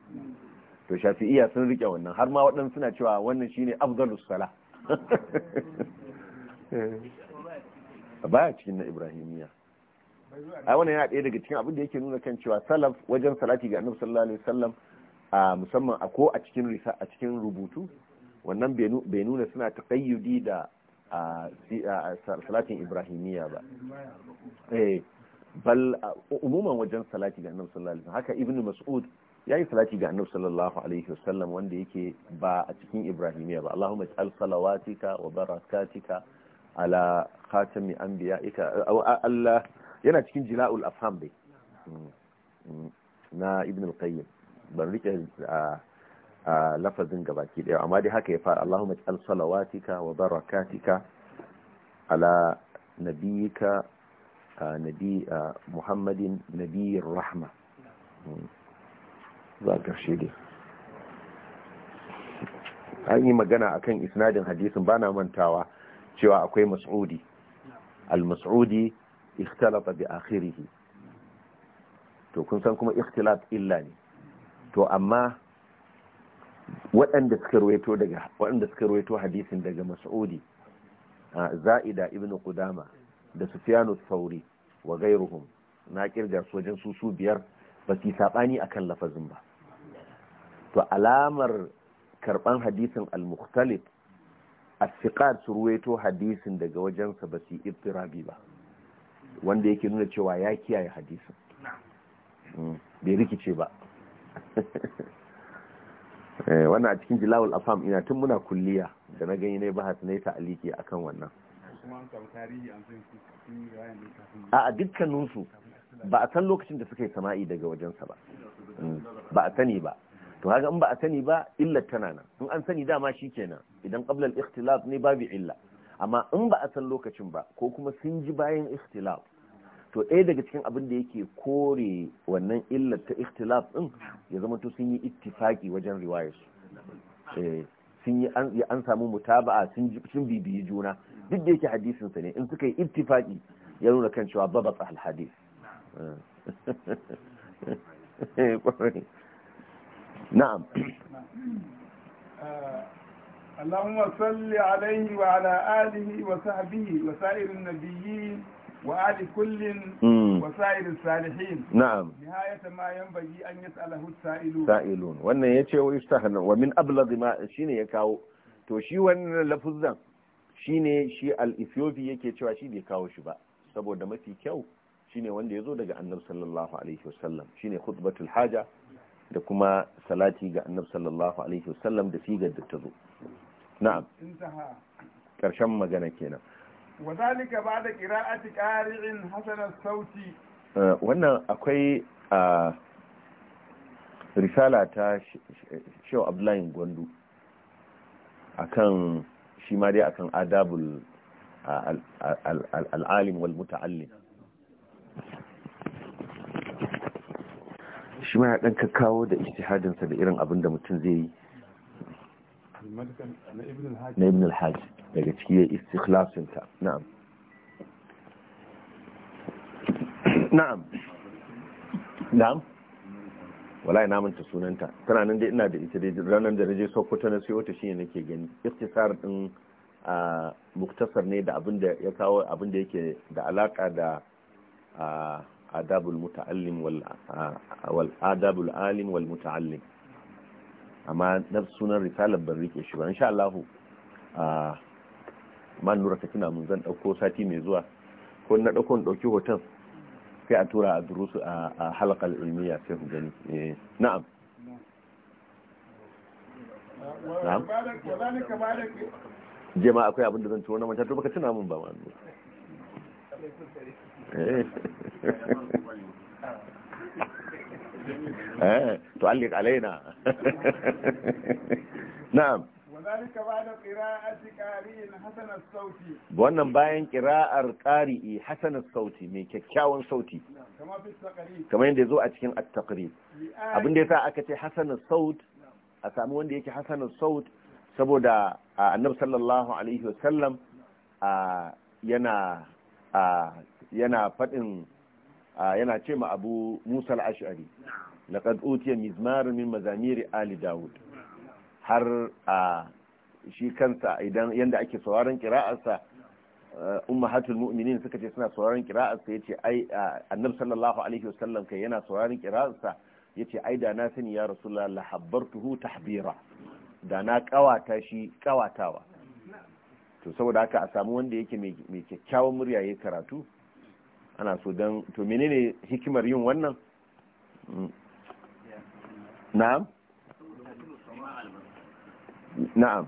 to shafi'iyya sun rike wannan har ma waɗannan suna cewa wannan shine afdalus sala *laughs* baya cikin na ibrahimiyya a wannan yana ɗaya daga cikin abin da yake nuna kan cewa salaf wajen salati ga annabi sallallahu alaihi wasallam a musamman a ko a cikin risa a cikin rubutu wannan bai nuna suna taqayyudi da a salatin ibrahimiyya ba eh bal umuman wajen salati ga annabi sallallahu alaihi wasallam haka ibnu mas'ud yayi salati ga annabi sallallahu alaihi wasallam wanda yake ba a cikin ibrahimiyya ba allahumma ij'al salawatika wa barakatika ala khatami anbiya'ika Allah yana cikin jila'ul afham dai mm, mm, na ibn qayyim ban rike a lafazin gabaki daya amma dai haka ya fara Allahumma ij'al salawatika wa barakatika ala nabiyyika nabi Muhammadin nabiyir rahma hmm. za shi dai an yi magana akan isnadin hadisin bana mantawa cewa akwai mas'udi al-mas'udi ikhtalata bi akhirih to kun san kuma ikhtilat illa ne to amma waɗanda suka ruwaito daga waɗanda suka ruwaito hadisin daga mas'udi za'ida ibn qudama da sufyanu thauri wa ghayruhum na kirga su wajen su su biyar ba su sabani akan lafazin ba to alamar karban hadisin al-mukhtalif as-siqat su ruwaito hadisin daga wajen sa ba su ibtirabi ba wanda yake nuna cewa ya kiyaye hadisin hmm, bai rikice ba *laughs* Eh, wannan a cikin jilawul afam ina tun muna kulliya da na gani ne bahas ne ta aliki akan wannan a dukkaninsu ba a san lokacin da suka yi sama'i daga wajensa ba mm, ba a sani ba to haka in ba a sani ba illar tana nan in an sani dama shi kenan idan qablal ikhtilaf ne babu illa amma in ba a san lokacin ba ko kuma sun ji bayan ikhtilaf to ɗaya daga cikin abin da yake kore wannan illar ta ikhtilaf ɗin, ya zama to sun yi ittifaki wajen riwaya su eh, sun yi an samu mutaba'a sun bibiyi juna duk da yake hadisin sa ne in suka yi ittifaki ya nuna kan cewa babat ta alhadis eh. *laughs* na'am اللهم صل عليه وعلى آله وصحبه وسائر النبيين وآل كل وسائر الصالحين نعم نهاية ما ينبغي أن يسأله السائلون سائلون وأن يتي ويستهن ومن أبلغ ما شيني يكاو to shi wannan lafuzan shine shi al-Ethiopi yake cewa shi bai kawo shi ba saboda mafi kyau shine wanda ya zo daga annabi sallallahu alaihi wasallam shine khutbatul haja da kuma salati ga annabi sallallahu alaihi wasallam da sigar da ta zo na'am karshen magana kenan وذلك بعد قراءة ƙari'in hasanar sauti. wannan akwai a risala ta shehu abdullahi gwandu akan shi ma dai akan adabul al'alim wal muta'allim shi ma ya ɗan kakawo da istihadinsa da irin abin da mutum zai yi na ibn al-hajj daga ciki ya istikhlasinta na'am na'am na'am wallahi na manta sunanta tana nan dai ina da ita dai ranar da naje Sokoto na siyo ta shine nake gani iktisar din a muktasar ne da abin da ya kawo abin da yake da alaka da adabul muta'allim wal wal adabul alim wal muta'allim amma na sunan risalar ban rike shi ba insha Allah Man nura ta tuna mun zan ɗauko sati mai zuwa ko na ɗauko na ɗauki hoton sai a tura a durusu a halakar ilmiya sai ku gani eh, na'am na'am jema akwai abin da zan tura na mancan to baka tuna mun ba ma nura تعلق eh. *laughs* eh, alaina *laughs* na'am wannan bayan kira'ar ƙari'i hasanar sauti mai kyakkyawan sauti kamar yadda ya zo a cikin at-taqrib abin da yasa aka ce hasanar saut a sami wanda yake hasanar saut saboda annab sallallahu alaihi wasallam yana yana ce ma abu musa al-ash'ari laqad utiya mizmar min mazamiri ali dawud har a shi kansa idan yanda ake sauraron kira'arsa eh, hatul mu'minin suka ce suna sauraron kira'arsa ya ce ai annab sallallahu alaihi wasallam kai yana sauraron kira'arsa ya ce ai da na sani ya rasulullah la habbartuhu tahbira da na kawata shi kawatawa to saboda haka a samu wanda yake mai kyakkyawan murya karatu ana so dan to menene hikimar yin wannan mm. na'am na'am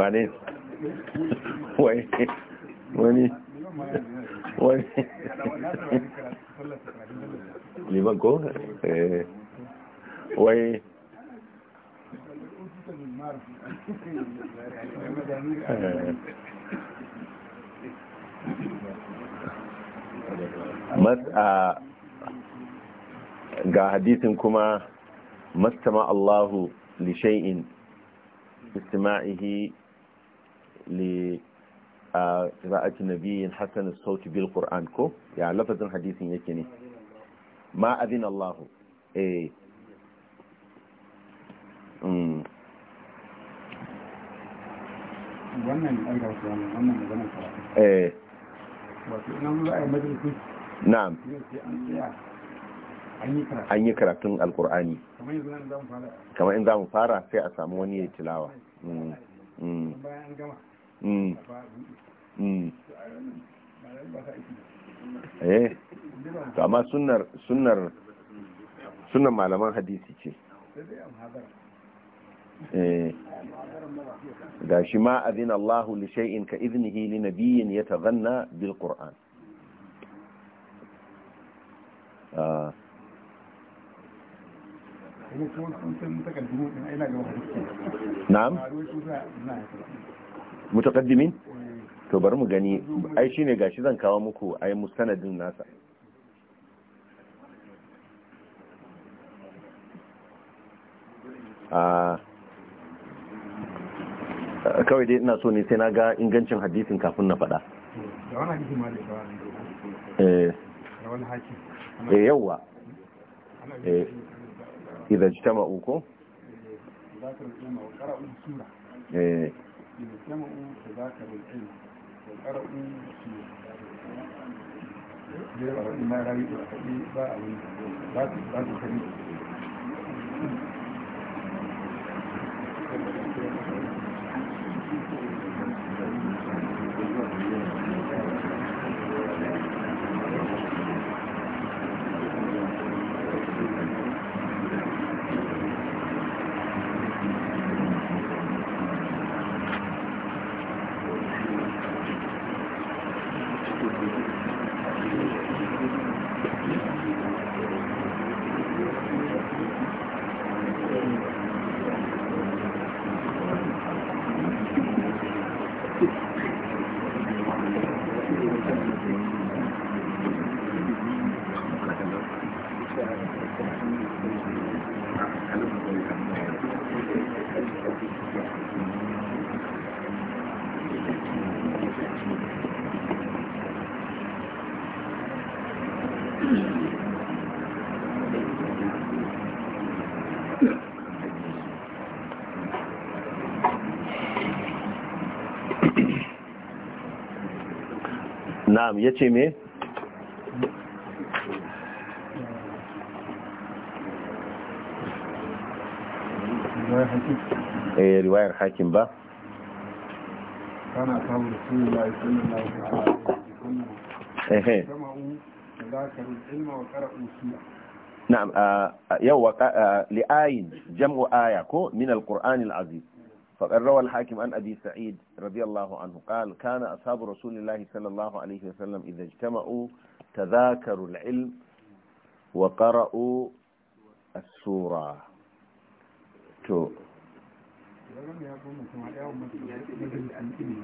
*laughs* wane liman ko wai ga hadisin kuma mastama Allahu li shay'in istima'ihi li a qira'ati nabiyin hassan sauti bil qur'an ko ya lafazin hadisin yake ne ma abin allahu eh wannan a na'am an yi karatun alkur'ani kamar in za mu fara sai a samu wani ya tilawa bayan gama Mm. Mm. eh to amma sunnar sunnar sunnar malaman hadisi ce eh, ga shi ma azina Allah li shay'in ka iznihi li nabiyyin yataghanna bil qur'an ah. na'am mutaqaddimin to bari mu gani ai shine gashi zan kawo muku ai mustanadin nasa a ah, kawai dai ina so ne sai na ga ingancin hadisin kafin na faɗa eh, eh yawwa eh idan jitama uku إذا سمعوا تذاكروا العلم وقرأوا ما لا يقرأ به باء باء خليل na'am yace me eh riwayar hakim ba kana kawo rasulullahi sallallahu alaihi wasallam eh ذاكروا العلم فقد روى الحاكم عن أبي سعيد رضي الله عنه قال كان أصحاب رسول الله صلى الله عليه وسلم إذا اجتمعوا تذاكروا العلم وقرأوا السورة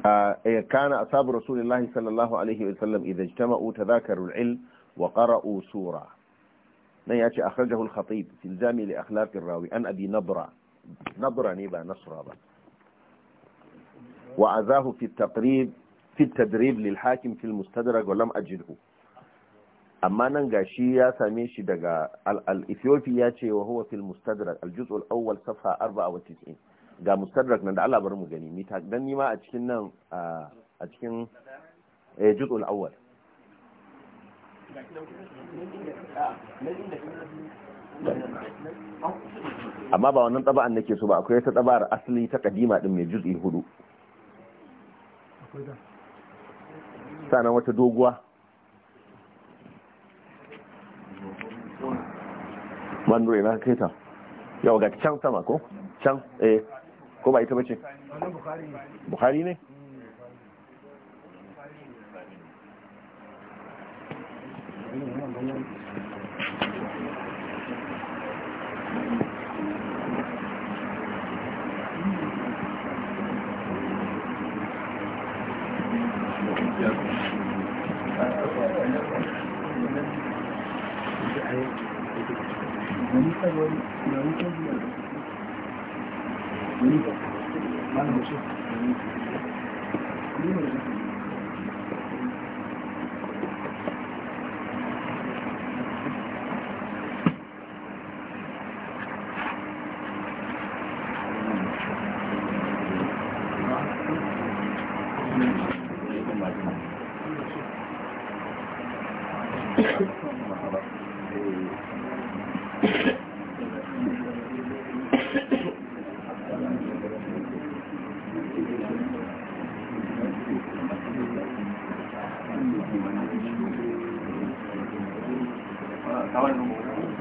آه، إيه، كان أصحاب رسول الله صلى الله عليه وسلم إذا اجتمعوا تذاكروا العلم وقرأوا سورة نياتي نعم، أخرجه الخطيب في الجامع لأخلاق الراوي أن أبي نبرة نبرة نبا نصرة وعزاه في التقريب في التدريب للحاكم في المستدرك ولم أجده amma nan gashi ya same shi daga al-ethiopi ya ce wa huwa fil mustadrak al 94 ga مستدرك nan da Allah bar mu gani mita dan nima a cikin nan a cikin eh juz' al amma ba wannan taba'an nake so ba akwai ta tabar asali ta kadima din mai juz'i hudu sannan wata doguwa mandore na kaita yau ga can sama ko can eh ko ba ita bace buhari ne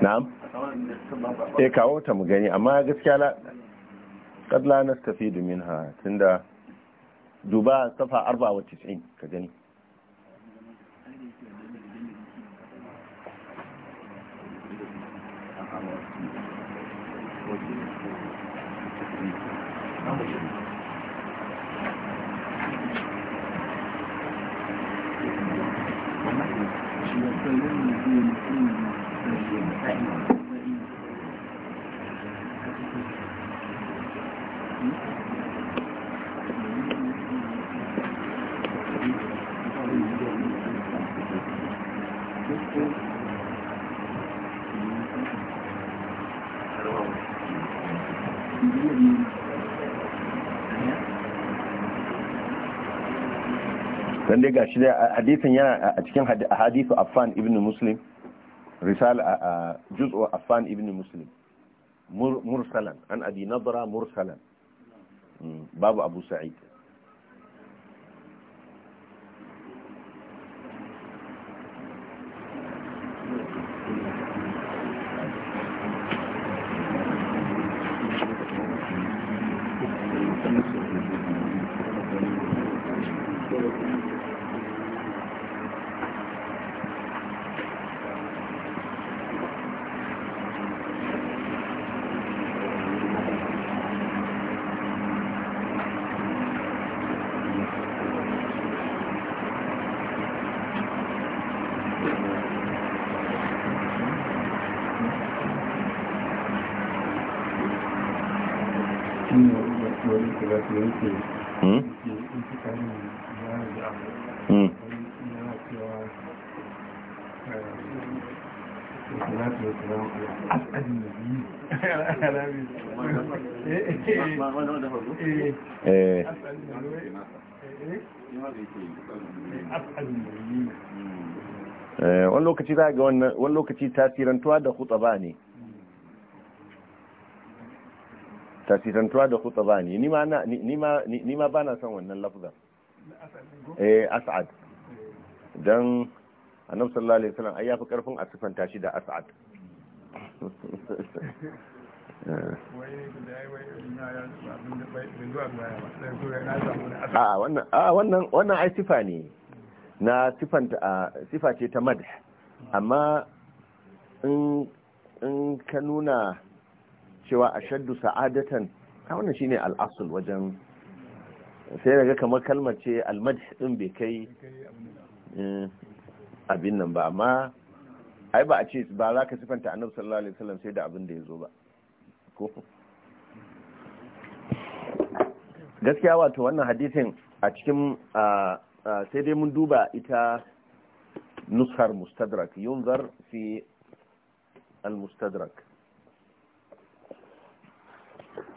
na'am eh kawo ta mu gani amma gaskiya la qad la nastafidu minha tunda duba safa 94 ka gani ga shi da hadisin yana a cikin hadisu Affan ibn Muslim risal a juz'u Affan ibn Muslim mursalan an abi nadra mursalan hmm, babu Abu Sa'id Hmm? Hmm. Eh. Eh, wani lokaci za ga wani lokaci tasirantuwa da ba ne tasirantuwa da khutaba ne ni ma ba na son wannan lafzan eh as'ad don annabi sallallahu alaihi wasallam ai yafi karfin asifan tashi da as'ad *laughs* wannan wannan ai sifa ne na sifa ce ta madh amma in in ka nuna cewa shaddu sa'adatan wannan ne al'asul wajen sai daga kamar kalmar ce almadis din bai kai eh, abin nan ba amma ai ba a ce ba za ka sifanta annabi sallallahu alaihi wasallam sai da abin da ya zo ba ko gaskiya wato wannan hadisin a cikin sai dai mun duba ita nushar mustadrak yunzar fi al-mustadrak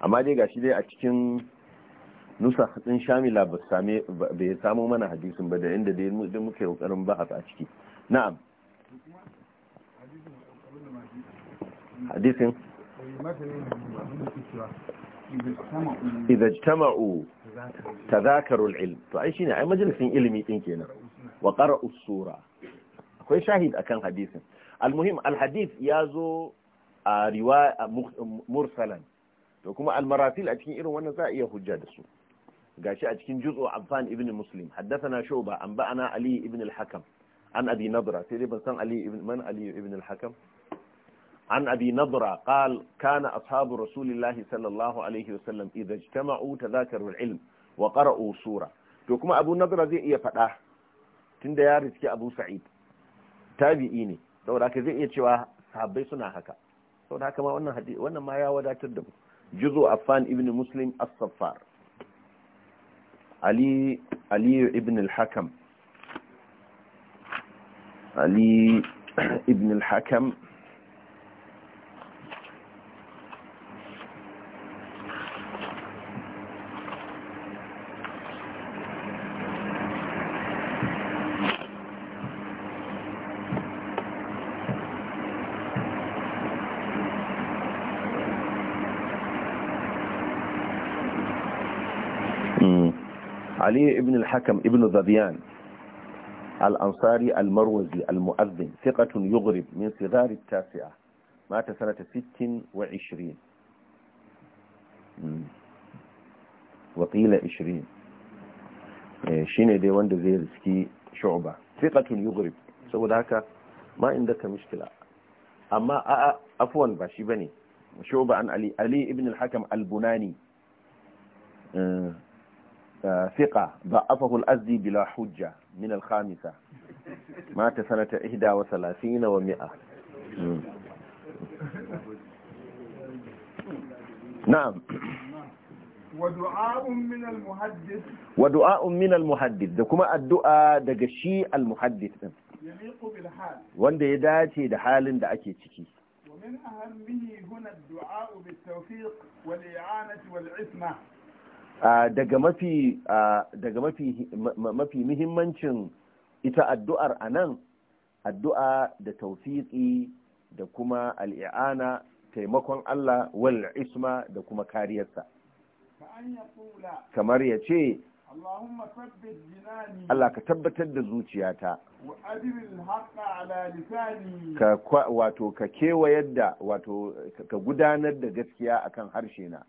amma dai gashi dai a cikin nusa hatsin shamila ba ya samu mana hadisin ba da inda dai muke kokarin ba a ciki na'am hadisin ta jama'u ilm to ai shine ai majalisin ilimi din kenan wa qara'u sura akwai shahid akan hadisin al-muhim al zo yazo a riwaya mursalan da kuma almarasil a cikin irin wannan za a iya hujja da su gashi a cikin juz'u amfan ibn Muslim haddathana Shu'ba an ba'ana Ali ibn al-Hakam an Abi Nadra sai dai ban san Ali ibn man Ali ibn al-Hakam an Abi Nadra qal kana ashabu Rasulillahi sallallahu alaihi sallam idza ijtama'u tadhakaru al-ilm wa qara'u sura to kuma Abu Nadra zai iya fada tunda ya riski Abu Sa'id tabi'i ne saboda haka zai iya cewa sahabbai suna haka saboda haka ma wannan wannan ma ya wadatar da mu جزء عفان ابن مسلم الصفار علي علي ابن الحكم علي *coughs* ابن الحكم علي ابن الحكم ابن ذبيان الأنصاري المروزي المؤذن ثقة يغرب من صغار التاسعة مات سنة ست وعشرين وقيل عشرين شيني دي وند زي رسكي شعبة ثقة يغرب سو ذاك ما عندك مشكلة أما عفوا باشي بني شعبة عن علي علي ابن الحكم البناني ثقة ضعفه الأزدي بلا حجة من الخامسة مات سنة إحدى وثلاثين ومئة نعم ودعاء من المحدث ودعاء من المحدث ده كما الدعاء ده شيء المحدث يليق بالحال واند يداتي دحال da halin ومن أهمه هنا الدعاء بالتوفيق والإعانة والعثمة daga mafi daga mafi muhimmancin ita addu'ar a nan addu'a da taufiƙi da kuma al'i'ana taimakon Allah wal isma da kuma kariyarsa kamar ya ce Allah ka tabbatar da zuciyata ka wato ka ka gudanar da gaskiya akan harshe na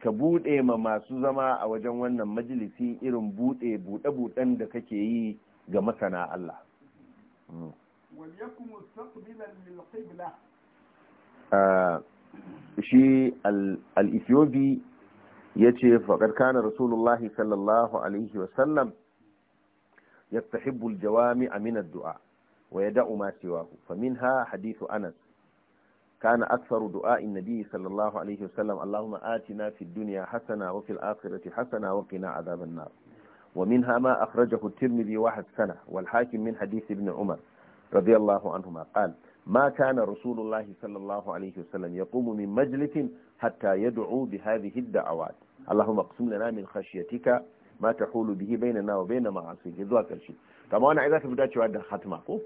ka buɗe ma masu zama a wajen wannan majalisi irin buɗe buɗe-buɗen da kake yi ga masana Allah hmm. ah, shi al-ethiopi ya ce faƙar kana rasulullahi sallallahu alaihi wasallam ya tahibbul jawami aminar du'a wa ya da'u ma cewa ha hadithu anas كان أكثر دعاء النبي صلى الله عليه وسلم اللهم آتنا في الدنيا حسنة وفي الآخرة حسنة وقنا عذاب النار ومنها ما أخرجه الترمذي واحد سنة والحاكم من حديث ابن عمر رضي الله عنهما قال ما كان رسول الله صلى الله عليه وسلم يقوم من مجلس حتى يدعو بهذه الدعوات اللهم اقسم لنا من خشيتك ما تحول به بيننا وبين معاصيك ذو الشيء طبعا انا اذا تبدا تشوا ختمه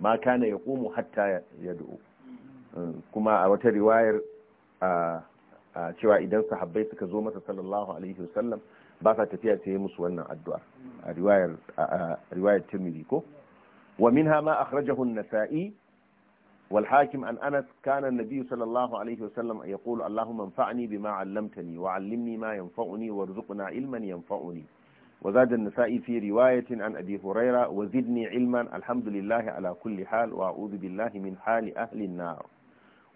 ما كان يقوم حتى يدعو Um, kuma a wata riwayar cewa idan sahabbai suka zo masa sallallahu alaihi wasallam ba sa tafiya sai musu wannan addu'a a riwayar riwayar Tirmidhi ko wa minha ma akhrajahu an-Nasa'i wal Hakim an Anas kana an-nabi sallallahu alaihi wasallam yaqulu Allahumma anfa'ni bima 'allamtani wa 'allimni ma yanfa'uni warzuqna ilman yanfa'uni وزاد النسائي في رواية عن أبي هريرة وزدني علما الحمد لله على كل حال وأعوذ بالله من حال أهل النار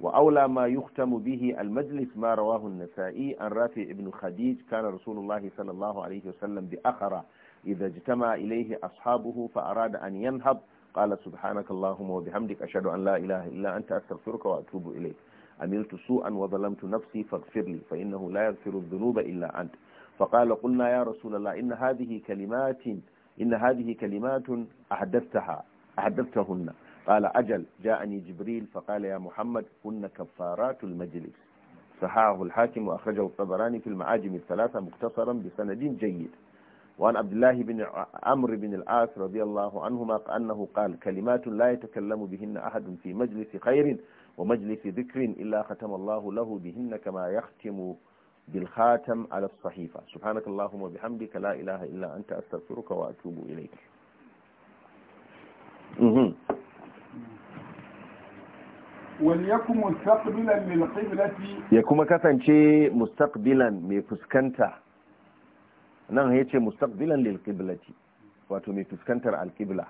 وأولى ما يختم به المجلس ما رواه النسائي عن رافع بن خديج كان رسول الله صلى الله عليه وسلم بأخرى إذا اجتمع إليه أصحابه فأراد أن ينهض قال سبحانك اللهم وبحمدك أشهد أن لا إله إلا أنت أستغفرك وأتوب إليك عملت سوءا وظلمت نفسي فاغفر لي فإنه لا يغفر الذنوب إلا أنت فقال قلنا يا رسول الله إن هذه كلمات إن هذه كلمات أحدثتها أحدثتهن قال أجل جاءني جبريل فقال يا محمد كن كفارات المجلس صححه الحاكم وأخرجه الطبراني في المعاجم الثلاثة مختصرا بسند جيد وعن عبد الله بن عمرو بن العاص رضي الله عنهما أنه قال كلمات لا يتكلم بهن أحد في مجلس خير ومجلس ذكر إلا ختم الله له بهن كما يختم بالخاتم على الصحيفة سبحانك اللهم وبحمدك لا إله إلا أنت أستغفرك وأتوب إليك ya kuma kasance mustaqbilan mai fuskanta nan ya ce mustaqbilan lil qiblati wato mai fuskantar alqibla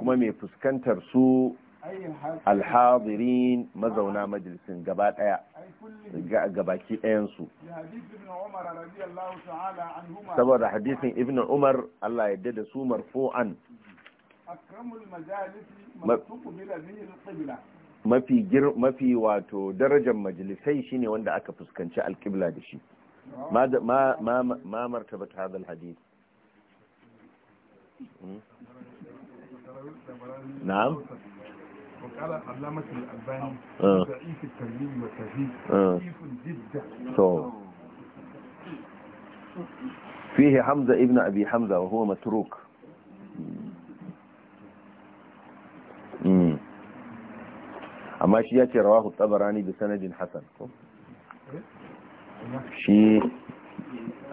kuma mai fuskantar su alhadirin mazauna majalisin gaba daya gabaki ɗayansu saboda hadisin ibn umar allah ya da su marfu'an akramul majalisi ma tuqbila bihi al-qibla mafi gir mafi wato darajar majalisai shine wanda aka fuskanci alqibla da shi ma ma ma martabat hadha al-hadith na'am وقال علامة الألباني ضعيف الترميم والتهذيب ضعيف جدا فيه حمزة ابن أبي حمزة وهو متروك amma shi ya ce rawahu tabarani bi sanadin hasan ko shi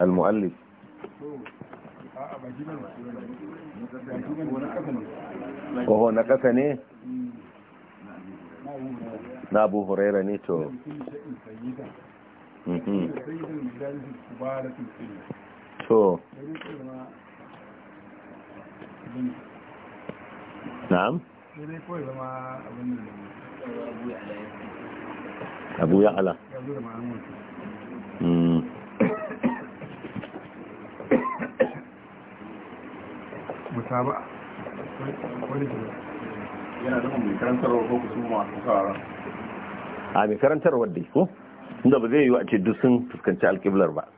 al-mu'allif ko na kasa ne na abu huraira ne to to na'am abu ya ala hmm. musaba yana da mai karantarwa ko kusurwa masu sauraron a mai karantarwar dai ko inda ba zai yi a ce dusun fuskanci alkiblar ba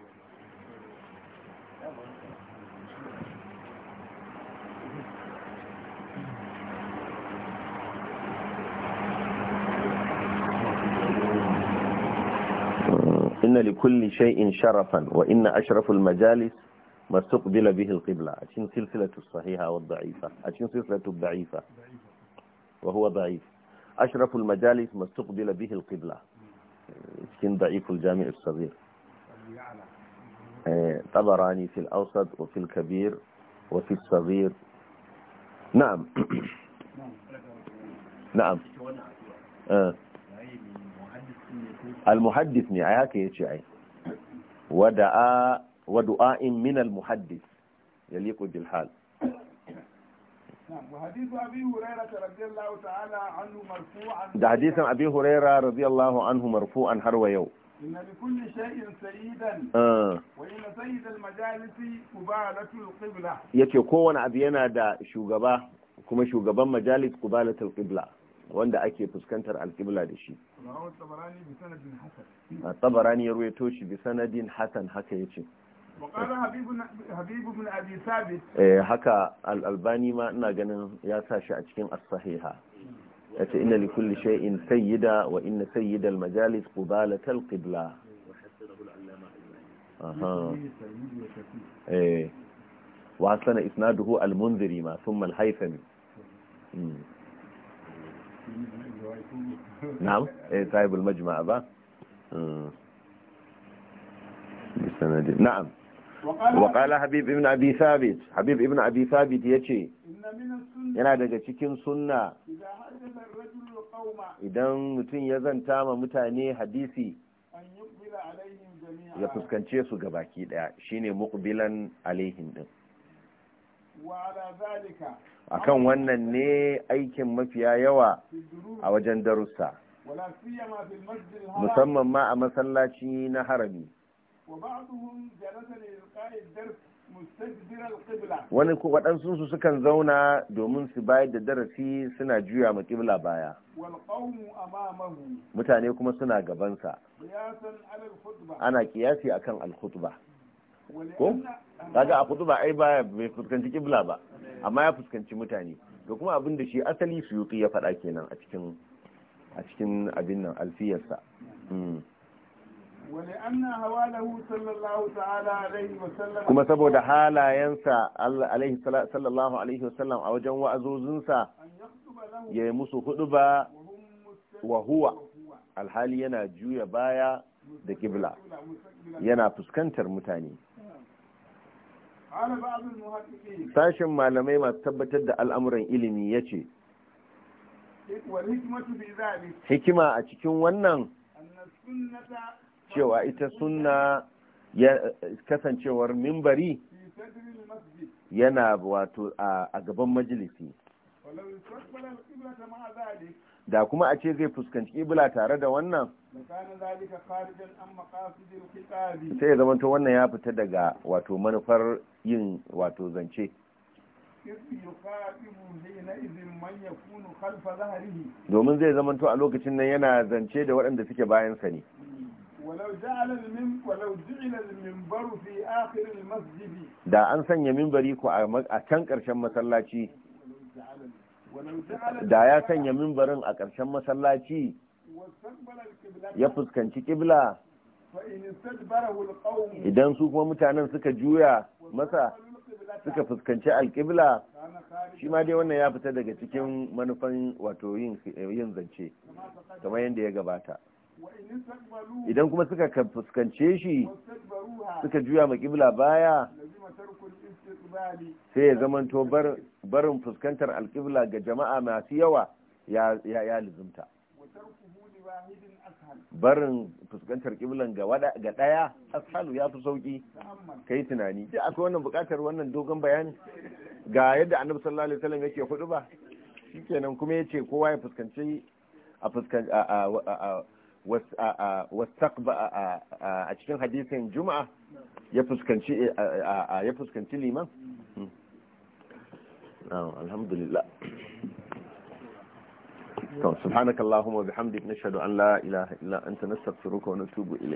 لكل شيء شرفا وإن أشرف المجالس ما استقبل به القبلة أتين سلسلة الصحيحة والضعيفة أتين سلسلة الضعيفة وهو ضعيف أشرف المجالس ما استقبل به القبلة أتين ضعيف الجامع الصغير طبراني في الأوسط وفي الكبير وفي الصغير نعم *coughs* نعم. نعم آه. al ne ai haka yace ai wada'a wa du'a'in min al-muhaddis yaliqu bil hal da hadisin abi huraira radiyallahu anhu har wa yau إن لكل شيء سيدا آه. وإن سيد المجالس قبالة القبلة يكي كون أبينا دا كما مجالس قبالة القبلة wanda ake fuskantar alƙibla da shi a tabarani ya ruwaito shi bi sanadin hasan haka ya ce eh, haka al'albani ma ina ganin ya sa shi a cikin as-sahiha ya ce ina likulli shay'in sayyida wa ina sayyida al-majalis qubalat al-qibla eh. wa hasana isnaduhu al-munziri ma thumma al na'am eh sahibul majma'a hmm. Habib بسند نعم وقال حبيب ابن ابي ثابت حبيب ابن ابي ثابت yana daga cikin sunna idan mutum ya zanta ma mutane hadisi ya fuskance su gabaki daya shine muqbilan alaihim din akan wannan ne aikin mafiya yawa a wajen darussa musamman ma a masallaci na harami wani waɗansu su sukan zauna domin su bayar da darasi suna juya ma ƙibla baya mutane kuma suna gabansa ana kiyasi akan alkhutba ko kaga a kutuba ba ai ba bai fuskanci kibla ba amma ya fuskanci mutane to kuma abin da shi asali suyuti ya faɗa kenan a cikin a cikin abin nan alfiyarsa hmm. kuma saboda halayensa alaihi sallallahu alaihi wasallam a wajen wa'azozinsa ya yi musu hudu ba wa huwa alhali yana juya baya da kibla yana fuskantar mutane Sashen malamai masu tabbatar da al'amuran ilimi ya ce hikima a cikin wannan cewa ita suna kasancewar mimbari yana wato a gaban majalisi da kuma a ce zai fuskanci ibla tare da wannan sai ya zamanto wannan ya fita daga wato manufar yin wato zance domin zai zamanto a lokacin nan yana zance da waɗanda suke bayansa ne da an sanya mimbari ku a can ƙarshen masallaci da ya sanya mimbarin a ƙarshen masallaci ya fuskanci ƙibla idan su kuma mutanen suka juya masa suka fuskanci alƙibla shi ma dai wannan ya fita daga cikin manufan wato yin zance kamar yadda ya gabata idan kuma suka fuskance shi suka juya ma kibla baya sai ya zamanto barin fuskantar alkibla ga jama'a masu yawa ya lizumta barin fuskantar kiblan ga ɗaya ashalu ya fi sauƙi ka tunani duk akwai wannan bukatar wannan dogon bayani ga yadda annabi sallallahu alaihi wasallam yake hudu ba shikenan kuma yace kowa ya fuskanci a fuskan a cikin hadisin juma'a ya fuskanci liman hmm. alhamdulillah to subhanakallahumma bihamdik nashhadu an la ilaha illa anta nastaghfiruka wa natubu ilayk